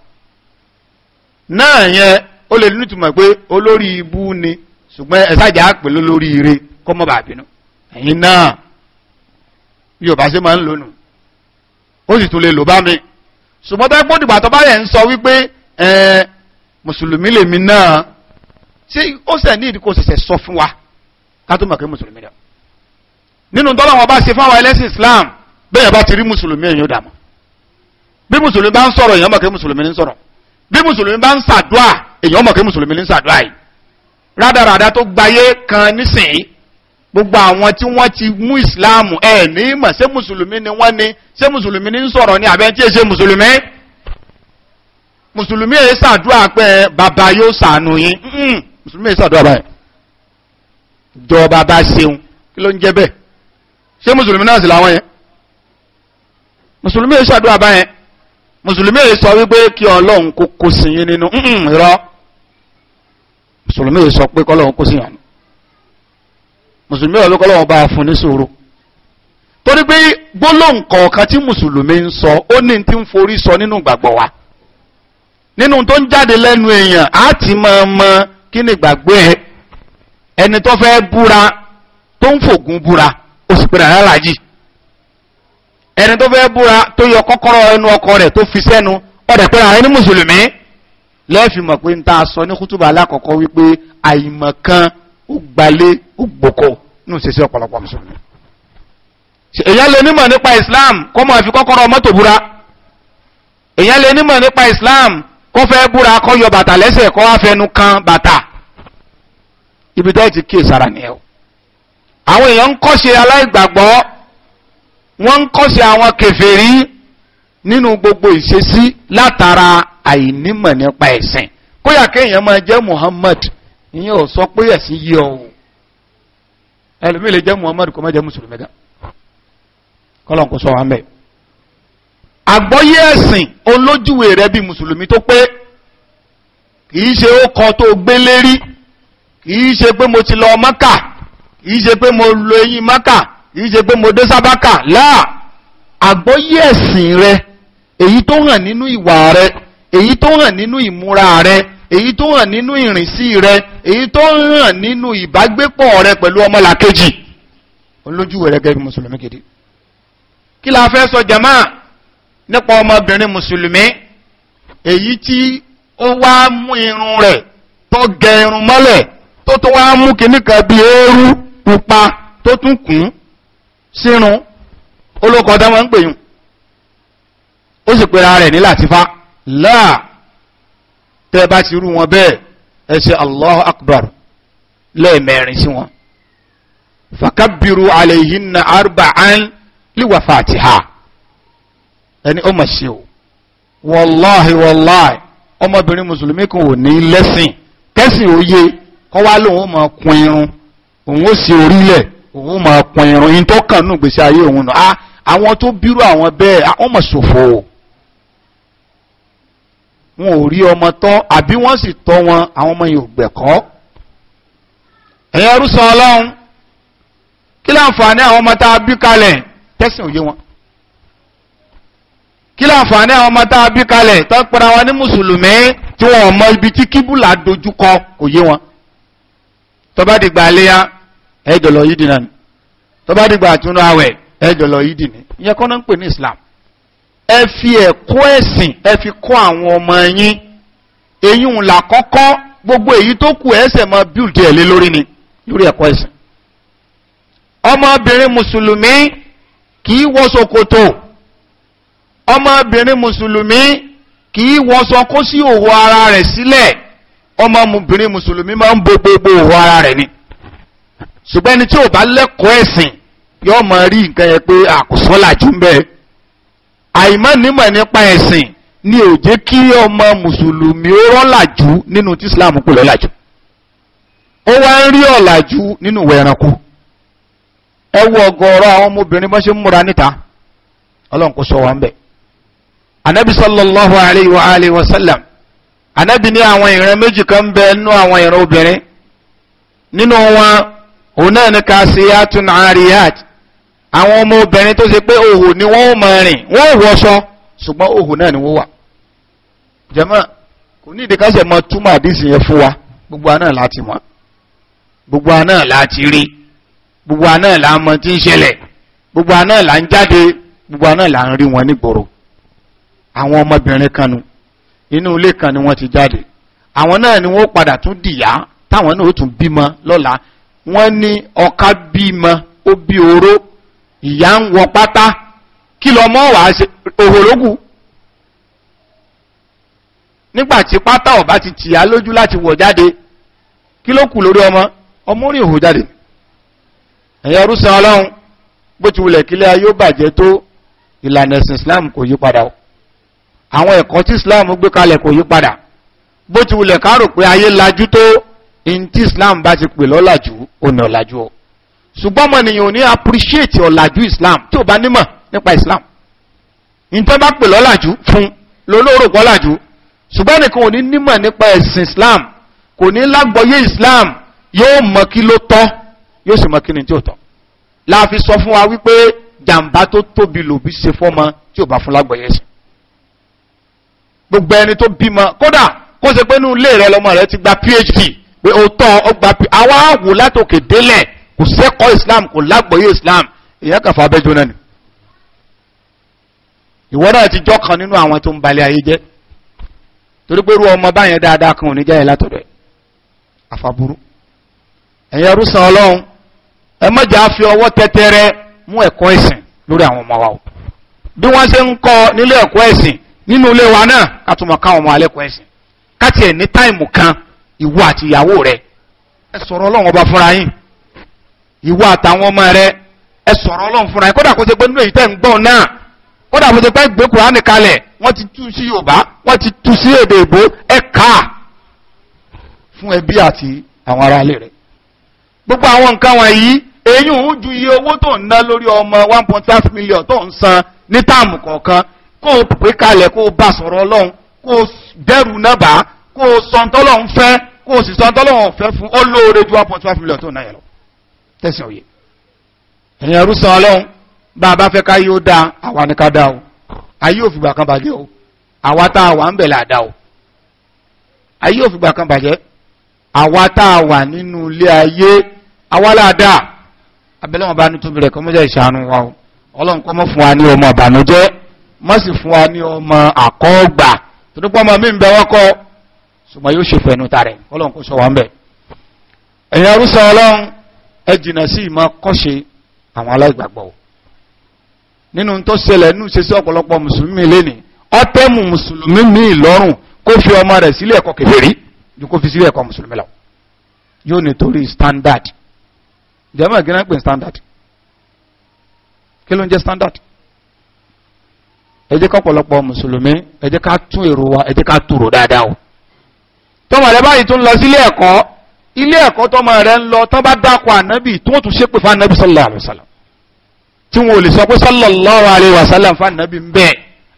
náà yẹn ó lè nítumọ̀ pé olórí ibú ni ṣùgbọ́n ẹ̀sájà pè lólóríire kọ́mọ́ bàbínú ẹ̀yin náà yorùbá ṣe máa ń lónìí ó sì tún lè lò bá mi ṣùgbọ́n tó gbọ́dọ̀ ìgbà tó bá yẹn ń sọ wípé ẹ mùsùlùmí lèmi náà ṣé ó ṣẹ̀ ní ìdíkò ṣẹ̀ṣẹ̀ sọ fún wa ká tó mọ̀ pé mùsùlùmí dà nínú tọ́lá wọn bá ṣe fún àwọn ẹlẹ́sìn Islam bẹ́ẹ̀ bá ti rí mùsùlùmí èèyàn dà mọ́ bí mùsùlùmí bá ń sọ̀rọ̀ èèyàn mọ̀ pé mùsùlùmí ní sọ̀rọ̀ bí mùsùlùmí bá ń ṣàdúà èèyàn mọ̀ pé mùsùlùmí ní ṣàdúà yìí rádaràdà tó gbayé kan nísìnyí gbogbo àwọn tí wọ́n ti mú ìsìláàmù ẹ̀ ní mọ̀ ṣé mùsùlùmí ni wọ́n ni ṣé mùsùlùmí ní ń sọ̀rọ̀ ní àbẹ́ tí èṣe mùsùlùmí mùsùlùmí èyí sàdúrà pé bàbá yóò sànù yín mùsùlùmí èyí sàdúrà báyìí jọ bàbá ṣeun kí ló ń jẹ́ bẹ́ẹ̀ ṣé mùsùlùmí náà sì làwọn yẹn mùsùlùmí èyí sàdúrà báyẹn mùsùlùmí èyí sọ wípé kí ọlọ́run kó kó sí yín nínú irọ́ mùsùlùmí èyí sọ pé kọ́lọ́run kó sí yín mùsùlùmí wà lókọ́ lọ́wọ́ bá fún ní sòro torí pé gbólóhùn kọ̀ọ̀kan tí mùsùlùmí ń sọ ó ní tí ń forí sọ nínú ìgbàgbọ́ wa nínú tó ń jáde lẹ́nu èèyàn á ti máa mọ kí ni ìgbàgbọ́ ẹ ẹni tó fẹ́ búra tó ń fògùn búra ó sì pèrè àlàjì ẹni tó fẹ́ búra tó yọ kọ́kọ́rọ́ ẹnu ọkọ rẹ̀ tó fi sẹ́nu ọ̀dẹ̀ pé àwọn ẹni mùsùlùmí lẹ́ẹ̀fì mọ̀ pé ń ta sọ ní kútùbà alákọ̀ọ́kọ́ wípé àìmọ̀kan ó gbalé ó gbòkó ní òṣèṣẹ́ ọ̀pọ̀lọpọ̀ mùsùlùmí. èyàn lè nímọ̀ nípa Islam kó máa fi kọ́kọ́rọ́ mọ́tò búra èyàn lè nímọ̀ nípa Islam kó fẹ́ búra kó yọ bàtà lẹ́sẹ̀ kó wá fẹnu kan bàtà ibi tó ti kíyè sára nìyẹn o. àwọn èèyàn ń kọ́ṣe aláìgbàgbọ́ wọ́n ń kọ́ṣe àwọn kèfèrí nínú gbogbo ìṣesí látara àìnímọ̀ nípa ẹ̀sìn kóyà kéèyàn máa jẹ́ Muhammad ìyẹn ò sọ pé ẹ̀sìn yí ọ o ẹlòmíì lè jẹ́ muhammadu kò má jẹ́ mùsùlùmí dá kọ́lọ̀ kò sọ wà mẹ́ àgbọ́yé ẹ̀sìn olójúwe rẹ bí mùsùlùmí tó pé kìí ṣe ó kọ tó gbé lérí kìí ṣe pé mo ti lọ mọ́kà kìí ṣe pé mo lo eyín mọ́kà kìí ṣe pé mo dé sábàkà láà àgbọ́yé ẹ̀sìn rẹ èyí tó hàn nínú ìwà rẹ èyí tó hàn nínú ìmúra rẹ èyí tó hàn nínú ìrìnsí rẹ èyí tó hàn nínú ìbágbépọ̀ rẹ pẹ̀lú ọmọlàkejì olójú rẹ gẹ́gẹ́ mùsùlùmí gidi kí la fẹ́ sọ jama nípa ọmọbìnrin mùsùlùmí èyí tí ó wá mú irun rẹ̀ tó gẹ irun mọ́lẹ̀ tó tó wá mú kìníkà bí eérú pupa tó tún kún sírun olókọ̀ọ́dá wọn ń pè yùn ó sì pera rẹ̀ ní láti fa láà tẹ́ bá ti rú wọn bẹ́ẹ̀ ẹ Allahu Akbar lẹ́ẹ̀mẹ́rin sí wọn fakabiru alayhinna arba'an liwafatiha ẹni ọmọ ṣe o wàláhi wàláhi ọmọbìnrin mùsùlùmí kan ò ní lẹ́sìn kẹ́sìn òye kọ́ wá lóun ó kun irun òun ó sì orílẹ̀ òun ó kun irun yìí tó kàn nù gbèsè ayé òun nù ah, àwọn tó bírú àwọn ọmọ ah, o. wọn ò rí ọmọ tọ́ àbí wọ́n sì tọ́ wọn àwọn ọmọ yìí ò gbẹ̀kọ́ ẹ̀yẹ rúṣọ ọlọ́run kí láǹfààní àwọn ọmọ tá a bí kalẹ̀ tẹ́sìn òye wọn kí láǹfààní àwọn ọmọ tá a bí kalẹ̀ tó pẹ́ra wọn ní mùsùlùmí tí wọn mọ ibi tí kíbùlà dojúkọ kò wọn tó dìgbà aléyá ẹ̀ẹ́dọ̀lọ́ yìí dì náà tó dìgbà àtúnú àwẹ̀ ẹ̀ẹ́dọ̀lọ́ yìí dì ní ìyẹn kọ́ náà ń pè ní Islam ẹ fi ẹ̀kọ́ ẹ̀sìn ẹ fi kọ́ àwọn ọmọ yín eyín là kọ́kọ́ gbogbo èyí tó kù ẹsẹ̀ máa build ẹ̀ lé lórí ni lórí ẹ̀kọ́ ẹ̀sìn ọmọbìnrin mùsùlùmí kì í wọ ọmọbìnrin mùsùlùmí kì í wọṣọ kó sí òwò ara rẹ̀ sílẹ̀ ọmọbìnrin mùsùlùmí máa ń gbogbo òwò ara rẹ̀ ni ṣùgbọ́n ẹni tí ò bá lẹ́kọ̀ọ́ ẹ̀sìn yóò rí nǹkan yẹn pé ń àìmọ́nìmọ̀ nípa ẹ̀sìn ni ò jẹ́ kí ọmọ mùsùlùmí ó rọ́làjú nínú tí islam kò lọ́làjú ó wá ń rí ọ̀làjú nínú ìwẹ̀ ẹranko ẹ wo àwọn ọmọbìnrin bọ́n ṣe ń múra níta ọlọ́run sọ anabi sallallahu alayhi wa alayhi wa anabi ní àwọn ìran méjì kan bẹ nínú àwọn ìran obìnrin nínú wọn òun náà àwọn ọmọ obìnrin tó ṣe pé òhò ni wọ́n mọ̀ rìn wọ́n wọṣọ ṣùgbọ́n òhò náà ni wọ́n wà jẹ́mọ́ kò ní ìdíkásẹ̀ mọ túmọ̀ àdísì yẹn fún wa gbogbo aná láti mọ̀ gbogbo aná láti rí gbogbo aná là ń mọ tí ń ṣẹlẹ̀ gbogbo aná là ń jáde gbogbo aná là ń rí wọn nígboro àwọn ọmọbìnrin kan nu inú ilé kan ni wọ́n ti jáde àwọn náà ni wọ́n padà tún dìyà táwọn náà ó tún bímọ lọ́la wọ́n ní ọkà bímọ ó bí oró ìyá ń wọ pátá kí lọ mọ́ wàá ṣe òhòrógù nígbàtí pátá ọ̀bá ti tìyà lójú láti wọ̀ jáde kí ló kù lórí ọmọ ọmọ rí òhò jáde ẹ̀yẹ ọrúsàn ọlọ́run bó ti wulẹ̀ kílẹ̀ ayó bàjẹ́ tó ìlànà ẹ̀sìn islam kò yí padà àwọn ẹ̀kọ́ tí islam gbé kalẹ̀ kò yí padà bó ti wulẹ̀ ká pé ayé lajú tó in tí islam bá ti pè lọ́làjú ò ní ọ̀làjú o ṣùgbọ́n ọmọnìyàn ò ní appreciate ọ̀làjú islam tí ò bá nímọ̀ nípa islam nǹkan bá pè lọ́làjú fún lólóró pọ́làjú ṣùgbọ́n nìkan ò ní nímọ̀ nípa ẹ̀sìn islam kò ní lágbọ́yé islam yóò mọ kí ló tọ́ yóò sì mọ kí ni tí ò tọ́ la fi sọ fún wa wípé jàǹbá tó tóbi lòbí ṣe fọ́mọ tí ò bá fún lágbọ́yé ẹ̀sìn gbogbo ẹni tó bímọ kódà kó ṣe pé inú ilé rẹ lọmọ rẹ ti gba phd pé ó tọ́ ọ gba àwọn àwò látòkè délẹ̀ kò sẹ́kọ̀ọ́ islam kò lágbọ̀ọ́yé islam èèyàn kàfà abẹ́jọ́ náà ni ìwọ náà ti jọ́ kan nínú àwọn tó ń balẹ̀ ayé jẹ́ torí pé irú ọmọ báyẹn dáadáa kan ò ní jáyẹ látọ̀dọ̀ ẹ̀ àfàbúrú ẹ̀yẹ rúsan ọlọ́run ẹ mọ́jà fi ọwọ́ tẹ́tẹ́rẹ́ mú ẹ̀kọ́ ẹ̀sìn lórí àwọn ọmọ wa o bí wọ́n ṣe ń kọ́ nílé ẹ̀kọ́ ẹ̀sìn nínú ilé wa náà ká tún mọ̀ káwọn ọmọ alẹ́kọ̀ọ́ ẹ̀sìn káti ẹ̀ ní táìmù kan ìwọ àti ìyàwó rẹ ẹ sọ̀rọ̀ ọlọ́run ọba fúnra yín ìwọ àtàwọn ọmọ rẹ ẹ sọ̀rọ̀ ọlọ́run fúnra ẹ kódà kó ṣe pé nínú èyí tẹ́ ń gbọ́ náà kódà kó ṣe pé gbé kùránì kalẹ̀ wọ́n ti tú sí yorùbá wọ́n ti tú sí èdè èbó ẹ kà fún ẹbí àti àwọn aráalé rẹ gbogbo àwọn nǹkan wọ̀nyí èyí ń ju iye owó tó ń ná lórí ọmọ one point five million tó ń san ní táàmù kọ̀ọ̀kan kó o pè kalẹ̀ kó o bá sọ̀rọ̀ ọlọ́run kó o bẹ̀rù náà bá kó o million tó ń tẹ̀sán òye ẹ̀yìn ẹrú ọlọ́run bá a bá fẹ́ ká yóò dá àwa o ayé òfìgbà kan bàjẹ́ o àwa tá a wà ń o ayé òfìgbà kan bàjẹ́ tá wà nínú ilé ayé là dá abẹ́lẹ́wọ̀n bá nítorí rẹ̀ kọ́ mọ́jà ìṣàánú wa mọ́ fún wa ní ọmọ àbànújẹ́ mọ́ fún wa ní ọmọ ọmọ mi ń bẹ kọ́ yóò sọ wa ẹ jìnnà sí ìmọ̀ kọ́ṣe àwọn aláìgbàgbọ́ o nínú tó ṣẹlẹ̀ nù ṣe sí ọ̀pọ̀lọpọ̀ mùsùlùmí lẹ́ni ọ̀tẹ́mù mùsùlùmí míì lọ́rùn kó fi ọmọ rẹ̀ sílé ẹ̀kọ́ kèfèrí ju kó fi sílé ẹ̀kọ́ mùsùlùmí lọ standard jẹ́mọ̀ kí náà standard kí standard ẹ jẹ́ kọ́pọ̀lọpọ̀ mùsùlùmí ẹ jẹ́ ká tún èrò wa ẹ jẹ́ ká tòrò dáadáa ilé ẹ̀kọ́ tọmọ rẹ̀ ń lọ tán bá dákọ̀ ànábì tí wọ́n tún ṣe pé fánábì sallallahu alaihi wasallam tí wọn lè sọ pé sallallahu alaihi wasallam fánábì ń bẹ́ẹ̀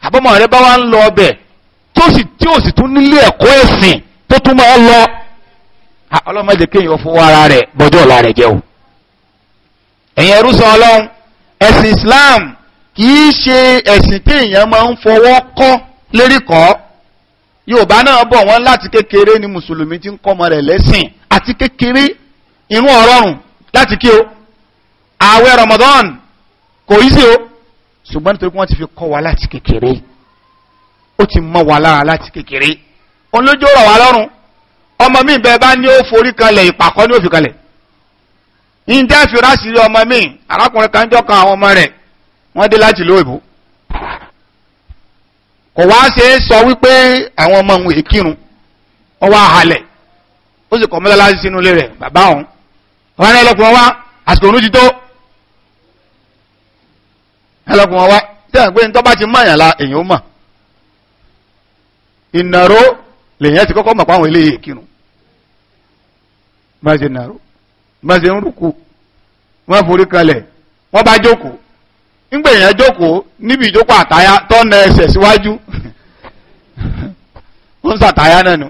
àbọ̀mọ̀ rẹ̀ bá wá ń lọ ọbẹ̀ tó sì tí ò sì tún nílé ẹ̀kọ́ ẹ̀sìn tó tún máa lọ ọlọ́mọdé kéèyàn fún ara rẹ̀ bọ́jọ́ ọ̀la rẹ̀ jẹ́ o ẹ̀yin ẹrú sọ ọlọ́run ẹ̀sìn Islam kì í ṣe ẹ̀sìn téèyàn máa ń fọwọ́ kọ́ lérí kọ́ Yorùbá náà bọ̀ wọ́n láti kékeré ni mùsùlùmí ti ń kọ́mọ rẹ̀ lẹ́sìn àti kékeré irun ọ̀rọ̀rùn láti kí o ààwẹ̀ Ramadan kò yí sí o ṣùgbọ́n nítorí wọ́n ti fi kọ́ wa láti kékeré ó ti mọ́ wa lára láti kékeré olójó rọ̀ wá lọ́rùn ọmọ mi bẹ́ẹ̀ bá ní ó forí kalẹ̀ ìpàkọ́ ní ó fi kalẹ̀ ǹjẹ́ sọ wípé àwọn ọmọ òun èkírun wọ́n wá ó sì kọ́ mọ́sálásí sínú ilé rẹ̀ bàbá òun wọn ní ẹlọ́kùn wá àsìkò òun ti tó ẹlọ́kùn wá ti la èyàn ó mà ìnàró lèyàn ti kọ́kọ́ mọ̀ pàwọn eléyìí kírun má ṣe nàró má ṣe ń rúkú wọ́n forí kalẹ̀ wọ́n bá jókòó nígbà jókòó níbi ìjókòó àtayá tọ́nà ẹsẹ̀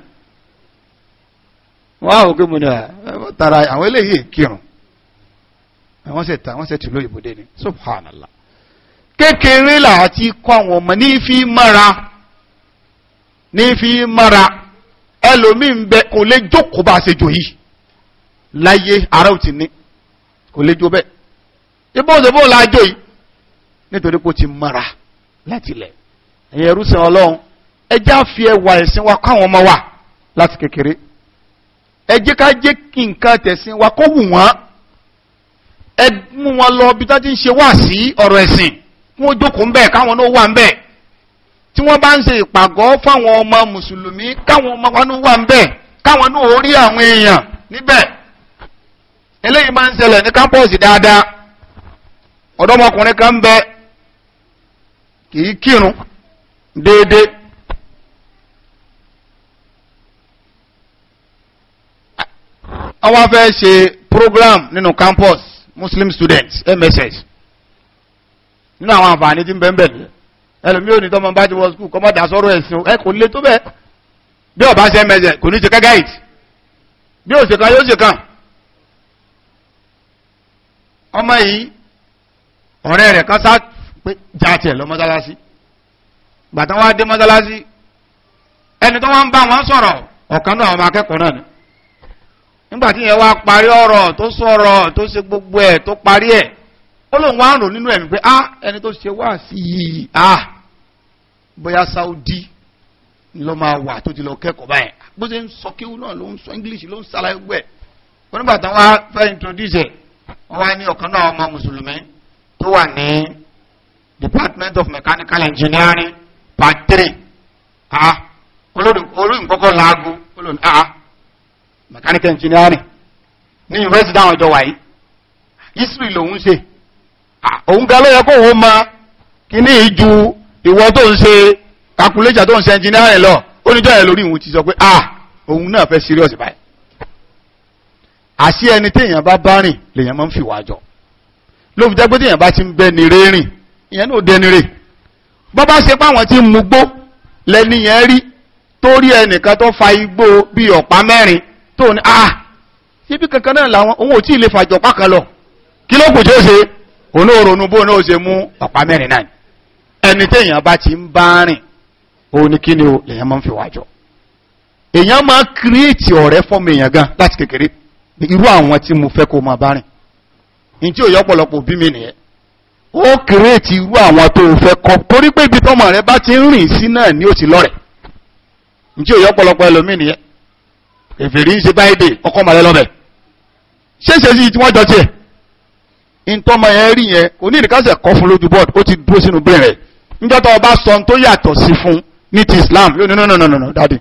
wọ́n á òkè mu ní eh, tara àwọn eléyìí kírun àwọn eh, ṣe ta àwọn sẹ tìlú ìbòdè ni subhanallah kékeré là kọ́ àwọn ọmọ ní fi mọ́ra ní fi bẹ kò lè jókòó bá ṣe jò yìí láyé ara ò ti ní kò lè jó bẹ́ẹ̀ yìí ọmọ wa láti kékeré. ẹ jẹ́ ká jẹ́ kí nǹkan tẹ̀sìn wa lọ bí tá ti ń ṣe wà sí ọ̀rọ̀ ẹ̀sìn kí wọ́n ń bẹ̀ káwọn náà wà ń bẹ̀ tí wọ́n bá ń ṣe ìpàgọ́ fáwọn ọmọ mùsùlùmí káwọn ọmọ wa wà ń bẹ̀ káwọn náà àwọn èèyàn níbẹ̀ àwa fẹ́ ṣe program nínú campus muslim students mss nínú àwọn àǹfààní tí ń bẹ́ẹ̀ bẹ́ẹ̀ ẹlòmíì ò ní tọ́mọ bá ti wọ skul kọ́mọ dà sọ́rọ̀ ẹ̀sìn ẹ kò lè tó bẹ́ẹ̀ bí ọba ṣe mẹsẹ̀ kò ní ṣe kẹ́kẹ́ yìí bí ó ṣe kan yóò ṣe kan ọmọ yìí ọ̀rẹ́ rẹ̀ kan sá pé já tiẹ̀ lọ mọ́sálásí gbàtàn wá dé mọ́sálásí ẹni tó wọ́n ń bá wọn sọ̀rọ̀ ọ̀kan náà ọmọ akẹ́kọ̀ọ́ náà ni nígbàtí yẹn wá parí ọ̀rọ̀ tó sọ̀rọ̀ tó ṣe gbogbo ẹ̀ tó parí ẹ̀ ó lóun wá rò nínú ẹ̀mí pé á ah, ẹni tó ṣe wá sí i á ah, bóyá Saudi ló máa wà tó ti lọ kẹ́kọ̀ọ́ báyẹn bó ṣe ń sọ kéwú náà ló ń sọ English ló ń ṣàlàyé gbogbo ẹ̀ onígbàtí wọn fẹ́ introduce ẹ̀ wọn wá ní ọ̀kan náà ọmọ mùsùlùmí tó wà ní Department of Mechanical Engineering part three ah olórí nǹkan kọ́ laago olórí mechanical engineering ní university dáwọn ìjọ wáyé history lòun ṣe òun gan ló yẹ kó òun mọ kíní ìju ìwọ tó ń ṣe calculator tó ń ṣe engineering lọ oníjọ́ yẹn lórí ìwọ̀n ti sọ pé ah òun náà fẹ́ serious báyìí àṣì ẹni téèyàn bá bá rìn lèèyàn máa ń fi wájọ ló fi jẹ́ pé téèyàn bá ti ń bẹ nire rìn ìyẹn náà dẹni rè bọ́ bá ṣe páwọn tí ń mugbó lẹ́ni yẹn rí tó ẹnìkan tó fa igbó bíi ọ̀pá mẹ́rin tó ní ah ibi kankan náà làwọn òun ò tí fàjọ lọ kí ló kù tí ó ṣe òun náà náà ó ṣe mú ọ̀pá mẹ́rin náà ẹni bá ti ń bá rìn ní kí ni o lèèyàn máa ń fi wájọ èèyàn máa kírètì ọ̀rẹ́ fọ́mọ èèyàn gan láti kékeré irú àwọn tí mo fẹ́ kó máa bá rìn ní tí òye ọ̀pọ̀lọpọ̀ bí mi nìyẹn ó kírètì irú àwọn tó ibi tọ́mọ rẹ bá ti ń rìn ni ó ti lọ́rẹ̀ ní tí òye ọ̀pọ̀lọpọ̀ ẹlòmíì nìyẹn èfèrè ń ṣe báyìí ọkọ màlẹ́ lọ́bẹ̀ ṣéṣe sí tí wọ́n jọ tiẹ̀ ntọ́mọ yẹn rí yẹn onírìkásẹ̀ kọ́ fún lójú bọ́ọ̀dù ó ti dúró sínú bẹ́ẹ̀ rẹ̀ níjọ́ tó o bá sọ tó yàtọ̀ sí fún ní ti Islam yóò ní no no no no no daddy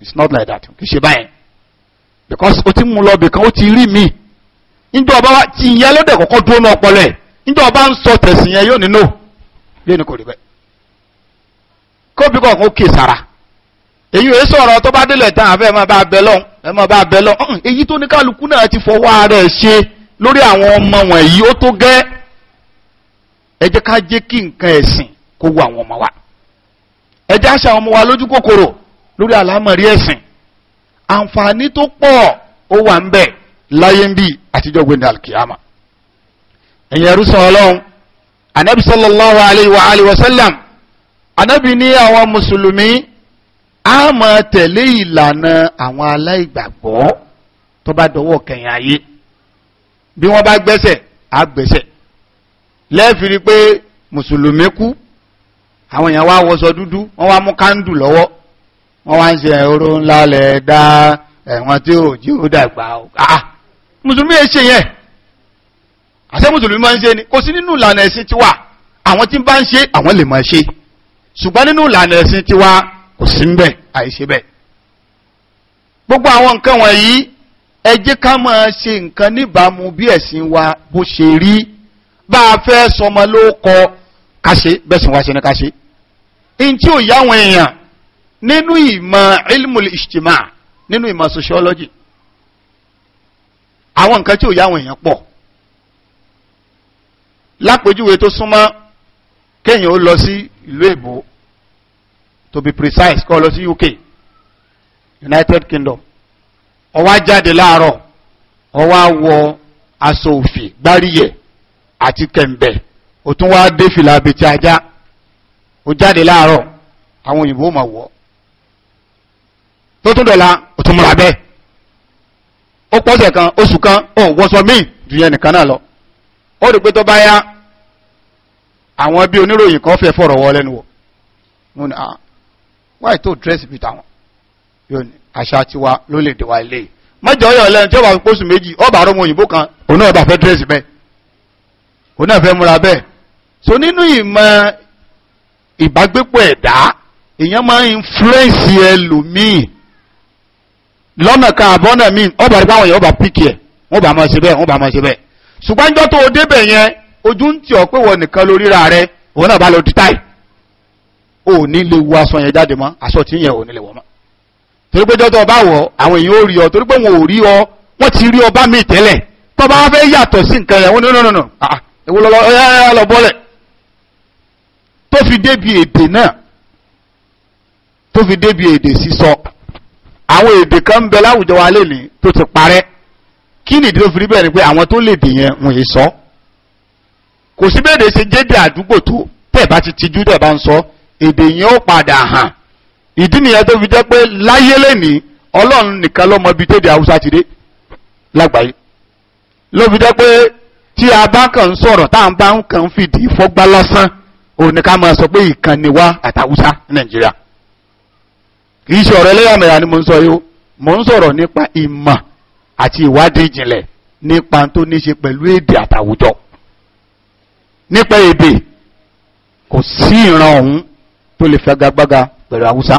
it's not like that kì í ṣe báyẹn because o ti mú lọ bìkan o ti rí mi níjọ́ ọba ti ìyẹn lóde kọ́kọ́ dúró náà pọlọ ẹ̀ níjọ́ ọba ń sọ tẹ̀sìn yẹn yóò ní no yóò ní kò rí bẹ́ẹ̀ kóbi kọ̀ọ̀kan ó kè sára èyí ò sọ̀rọ̀ tó bá délẹ̀ tán àfẹ́ máa bá bẹ lọ́n ẹ máa bá bẹ lọ́n mm, èyí tó ní kálukú náà ti fọwọ́ rẹ̀ ṣe lórí àwọn ọmọ wọ̀nyí ó tó gẹ́ ẹ jẹ́ ká jẹ́ kí nǹkan ẹ̀sìn kó wọ àwọn ọmọ wa ẹ jẹ́ àṣà ọmọ wa lójú kòkòrò lórí àlámọ̀rí ẹ̀sìn àǹfààní tó pọ̀ ó wà ń bẹ láyé ń bí àtijọ́ gbé ní alkiyama ẹ̀yìn ẹ̀rú sàn ọlọ́run wa alayhi a máa tẹ̀lé ìlànà àwọn aláìgbàgbọ́ tó bá dọwọ́ kẹyìn ayé bí wọ́n bá gbẹ́sẹ̀ á gbẹ́sẹ̀ lẹ́ẹ̀fìrí pé mùsùlùmí kú àwọn èèyàn wá wọṣọ dúdú wọ́n wá mú káńdù lọ́wọ́ wọ́n wá ń ṣe ẹ̀rọ ńlá lẹ̀ dá ẹ̀wọ̀n tí ò jí ó dàgbà ṣùgbọ́n nínú ìlànà ẹ̀sìn tiwa kò sí ń bẹ̀ àìṣe bẹ̀ gbogbo àwọn nǹkan wọ̀nyí ẹ jẹ́ ká máa ṣe nǹkan níbàámu bí ẹ̀sìn wa bó ṣe rí bá a fẹ́ sọmọ ló kọ káṣe bẹ́sìn wa ṣe ní káṣe in tí ò yáwọn èèyàn nínú ìmọ̀ ilmul ijtima nínú ìmọ̀ sociology àwọn nǹkan tí ò yáwọn èèyàn pọ̀ lápèjúwe tó súnmọ́ kéèyàn ó lọ sí ìlú èbó to be precise kọ́ lọ sí UK United Kingdom ó wá jáde láàárọ̀ ó wá wọ aṣọ òfì gbáríyẹ̀ àti kẹ̀m̀bẹ̀ ó tún wá dé fìlà abètí ajá ó jáde láàárọ̀ àwọn òyìnbó mà wọ̀ tó tún dọ̀la ó tún múra bẹ́ẹ̀ ó pọ́sẹ̀ kan oṣù kan ó wọ́sọ míì ju yẹn nìkan náà lọ ó rí pé tó bá yá àwọn bí oníròyìn kan fẹ́ fọ̀rọ̀ wọ lẹ́nu wọ̀ wáyé tó dírẹ́sì bí tàwọn yóò ní àṣà tiwa ló lè dèwà ilé yìí mọ́jọ ọyọ lẹ́nu tí ó bá fi pósù méjì ọba àrọ́mọ òyìnbó kan òun náà bá fẹ́ dírẹ́sì bẹ́ẹ̀ òun náà fẹ́ múra bẹ́ẹ̀ so nínú ìmọ̀ ìbágbépọ̀ ẹ̀dá èèyàn máa ń influence ẹlòmíì lọ́nà kan àbọ́nà míì ọba àrígbá àwọn èèyàn ọba píkì ẹ̀ wọ́n bá máa ṣe bẹ́ẹ̀ wọ́n bá máa ṣe bẹ́ẹ̀ ṣùgbọ́n jọ́ tó o débẹ̀ yẹn ojú ń tì ọ́ pé wọ́n nìkan lóríra rẹ òun náà bá lọ dìtáì ò ní lè wọ aṣọ yẹn jáde mọ́ aṣọ tí yẹn ò ní lè wọ̀ mọ́ torí pé jọ́tọ̀ bá wọ̀ àwọn èèyàn ò rí ọ torí pé wọn ò rí ọ wọ́n ti rí ọba mi tẹ́lẹ̀ tó bá fẹ́ yàtọ̀ sí nǹkan yẹn wọ́n ní nínú ewu lọ́lọ́ ẹ lọ bọ́lẹ̀ tó fi débi èdè náà tó fi débi èdè sísọ àwọn èdè kan ń bẹ láwùjọ wa lónìí tó ti parẹ́ kí nìdí tó fi rí bẹ́ẹ̀ ni pé àwọn tó lè dè yẹn wọ́n yìí sọ kò sí bẹ́ẹ̀ lè ṣe jẹ́dẹ̀ àdúgbò tó tẹ̀ bá ti tijú tẹ̀ bá ń sọ èdè yẹn ó padà hàn ìdí nìyẹn tó fi jẹ́ pé láyé lẹ́nìí ọlọ́run nìkan ló mọ ibi tó di haúsá ti dé lágbàáyé ló fi jẹ́ pé tí a bá kàn ń sọ̀rọ̀ tá à ń bá ń kàn ń fìdí fọ́gbá lásán òun ni ká máa sọ pé ìkànnì wa àtàwùsá ní nàìjíríà kì í ṣe ọ̀rọ̀ ẹlẹ́yàmẹ̀yà ni mo ń sọ yìí ó mo ń sọ̀rọ̀ nípa ìmọ̀ àti ìwádìí ìjìnlẹ̀ nípa tó ní ṣe pẹ̀lú èdè àtàwùjọ nípa èdè kò sí ìran ọ̀hún tó lè fagagbága pẹ̀lú haúsá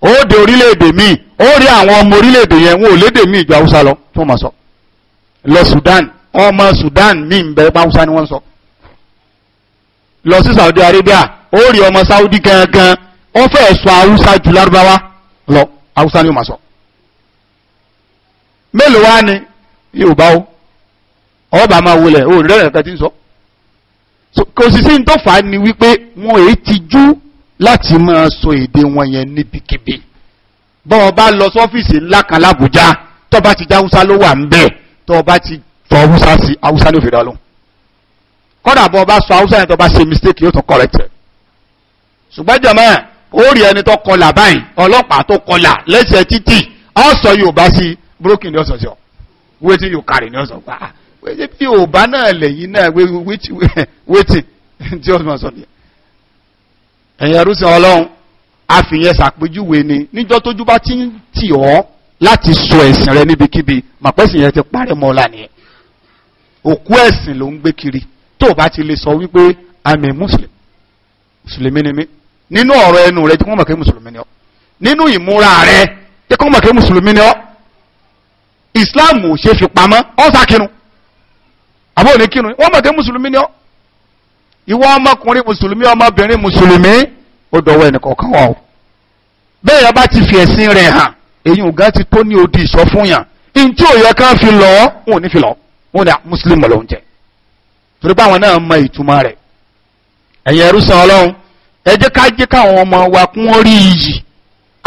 ó de orílẹ̀-èdè míì ó rí àwọn ọmọ orílẹ̀-èdè yẹn wọn ò lédè míì ju haúsá lọ tó máa sọ lọ Sudan ọmọ Sudan míì ń bẹ haúsá ni wọ́n sọ lọ sí Saudi Arabia ó rí ọmọ Saudi gangan ó fẹ́ sọ haúsá ju lárúbáwá lọ haúsá ni ó máa sọ mélòó wá ni Yorùbá ó ọba máa wulẹ̀ ó rí rẹ̀ kẹ́tí ń sọ. So kò sì sí tó fà á ni wípé wọn èé tijú láti máa sọ èdè wọn yẹn níbikíbi bọ́ọ̀ bá lọ sọ́fíìsì ńlá kan lábújá tó bá ti já haúsá ló wà ń bẹ̀ tó bá ti fọ haúsá sí haúsá ló fi dá lóhùn kọ́dà bọ́ọ̀ bá sọ haúsá yẹn tó bá ṣe mistake yóò tún correct ẹ̀ ṣùgbọ́n jẹ̀mọ́ ó rí ẹni tó kọlà báyìí ọlọ́pàá tó kọlà lẹ́sẹ̀ títì ọ̀sọ̀ yorùbá sí broken ní ọ̀sọ̀ sí ọ wetin you carry ní ọ̀sọ̀ pa ah, wẹ́jẹ́ bí òbá náà lẹ́yìn náà waiting tí ó mọ̀ sọ ní ẹ̀yìn ẹrúsìn ọlọ́run àfihàn ṣàpèjúwe ni níjọ́ tójú bá ti ń tì ọ́ láti sọ ẹ̀sìn rẹ níbikíbi màpẹ́sìn yẹn ti parẹ́ mọ́ ọ̀la nìyẹn òkú ẹ̀sìn ló ń gbé kiri tó o bá ti lè sọ wípé i'm a muslim mùsùlùmí ni mí nínú ọ̀rọ̀ ẹnu rẹ tí wọ́n mọ̀ pé mùsùlùmí ni ọ́ nínú ìmúra rẹ tí wọ́n mọ̀ pé mùsùlùmí ni ọ́ islam ò ṣe fi ọ́ sá àbọ̀ òní kírun wọ́n mọ̀ pé mùsùlùmí ni ọ́ ìwọ ọmọkùnrin mùsùlùmí ọmọbìnrin mùsùlùmí ó dọ̀wọ́ ẹnìkọ̀ọ̀kan wà o bẹ́ẹ̀ yẹn bá ti fi ẹ̀sìn rẹ̀ hàn èyí ò gá ti tó ní odi ìsọfúnyàn ntí òye kan fi lọ wọn ò ní fi lọ wọn dà ah, mùsùlùmí ló ń jẹ torí báwọn náà mọ ìtumọ̀ rẹ̀ ẹ̀yin ẹrú san ọlọ́run ẹ jẹ́ ká jẹ́ káwọn ọmọ wa kún ó rí iyì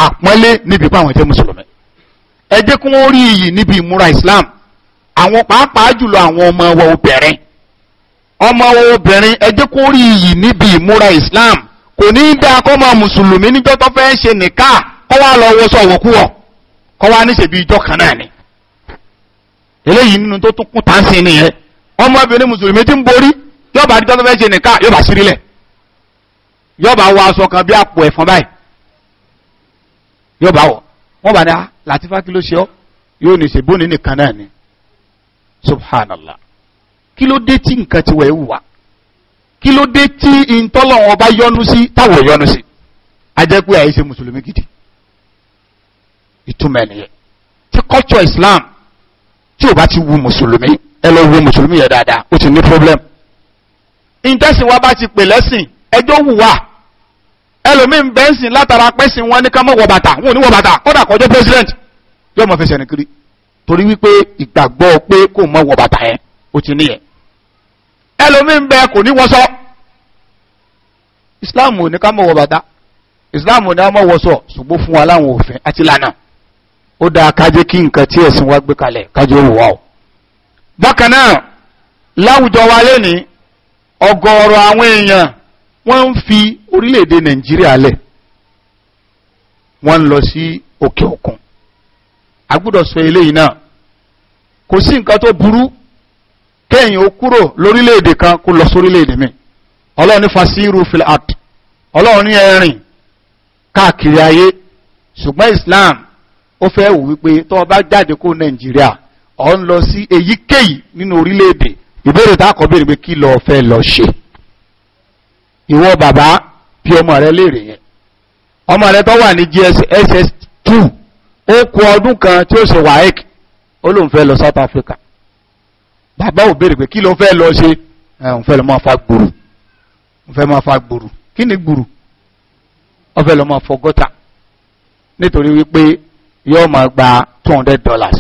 àpọ́nlé níbi báwọn jẹ́ mùsùlùmí ẹ jẹ́ kún ó rí iyì níbi ìmúra Islam àwọn pàápàá jùlọ àwọn ọmọ wa obìnrin ọmọ wa obìnrin ẹ kó rí níbi ìmúra Islam kò ní dá akọ́mọ mùsùlùmí níjọ́ tó fẹ́ ṣe nìka kọ́ wá lọ wọṣọ kọ́ wá ìjọ kan ni eléyìí nínú tó tún kún tá sin nìyẹn ti ń borí yóò bá tó fẹ́ ṣe wọ aṣọ kan bí àpò ẹ̀fọn báyìí yóò bá bá ní ah, subhanallah kí ló dé tí nǹkan ti wẹ̀ wù wá kí ló dé tí ìtọ́lọ̀ ọba yọnu sí táwọn yọnu sí a jẹ́ mùsùlùmí gidi ìtumọ̀ ẹ̀nìyẹn tí culture islam tí ò bá ti wu mùsùlùmí ẹ lọ wu mùsùlùmí yẹn dáadáa ó ti ní problem ìtẹ̀sìn wa bá ti pè lẹ́sìn ẹjọ́ wù wá ẹlòmíín bẹ́ẹ̀sìn látara pẹ́sìn wọn ní ká mọ̀ wọ bàtà wọn ò ní wọ bàtà kódà kọjọ́ president yóò mọ̀ fẹsẹ̀ nìkiri torí wípé ìgbàgbọ́ pé kò mọ wọ bàtà yẹn ó ti níyẹn ẹlòmíín bẹ kò ní wọ́n sọ islam ò ní ká mọ wọ bàtà islam ò ní ká mọ wọ sọ ṣùgbọ́n fún wa láwọn òfin àti lànà ó dáa kájé kí nǹkan tí ẹ̀sìn wa gbé kalẹ̀ kájé wò wá o bákan náà láwùjọ wa lẹ́ni ọ̀gọ̀ọ̀rọ̀ àwọn èèyàn wọ́n ń fi orílẹ̀-èdè nàìjíríà lẹ̀ wọ́n ń lọ sí òkè òkun agbọ́dọ̀ sọ eléyìí náà kò sí nǹkan tó burú kéèyàn ó kúrò lórílẹ̀‐èdè kan kó lọ sórílẹ̀‐èdè mi ọlọ́run ní fasiru fil ọlọ́run ní ẹ̀rìn káàkiri ayé ṣùgbọ́n islam ó fẹ́ wù wípé tó o bá jáde kó nàìjíríà ọ̀ ń lọ sí èyíkéyìí nínú orílẹ̀‐èdè ìbéèrè tá a kọ́ béèrè pé kí lọ́ọ́ fẹ́ lọ ṣe ìwọ bàbá bí ọmọ rẹ léèrè yẹn ọmọ rẹ tó wà ní gss two ó kú ọdún kan tí ó ṣe wáík ó lọ South Africa bàbá ò béèrè pé kí ló fẹ́ lọ ṣe ẹ̀ òun fẹ́ lọ máa fa gbòòrò òun máa fa gbòòrò kí ni gbòòrò ó fẹ́ lọ máa fọ nítorí wípé yóò máa gba two hundred dollars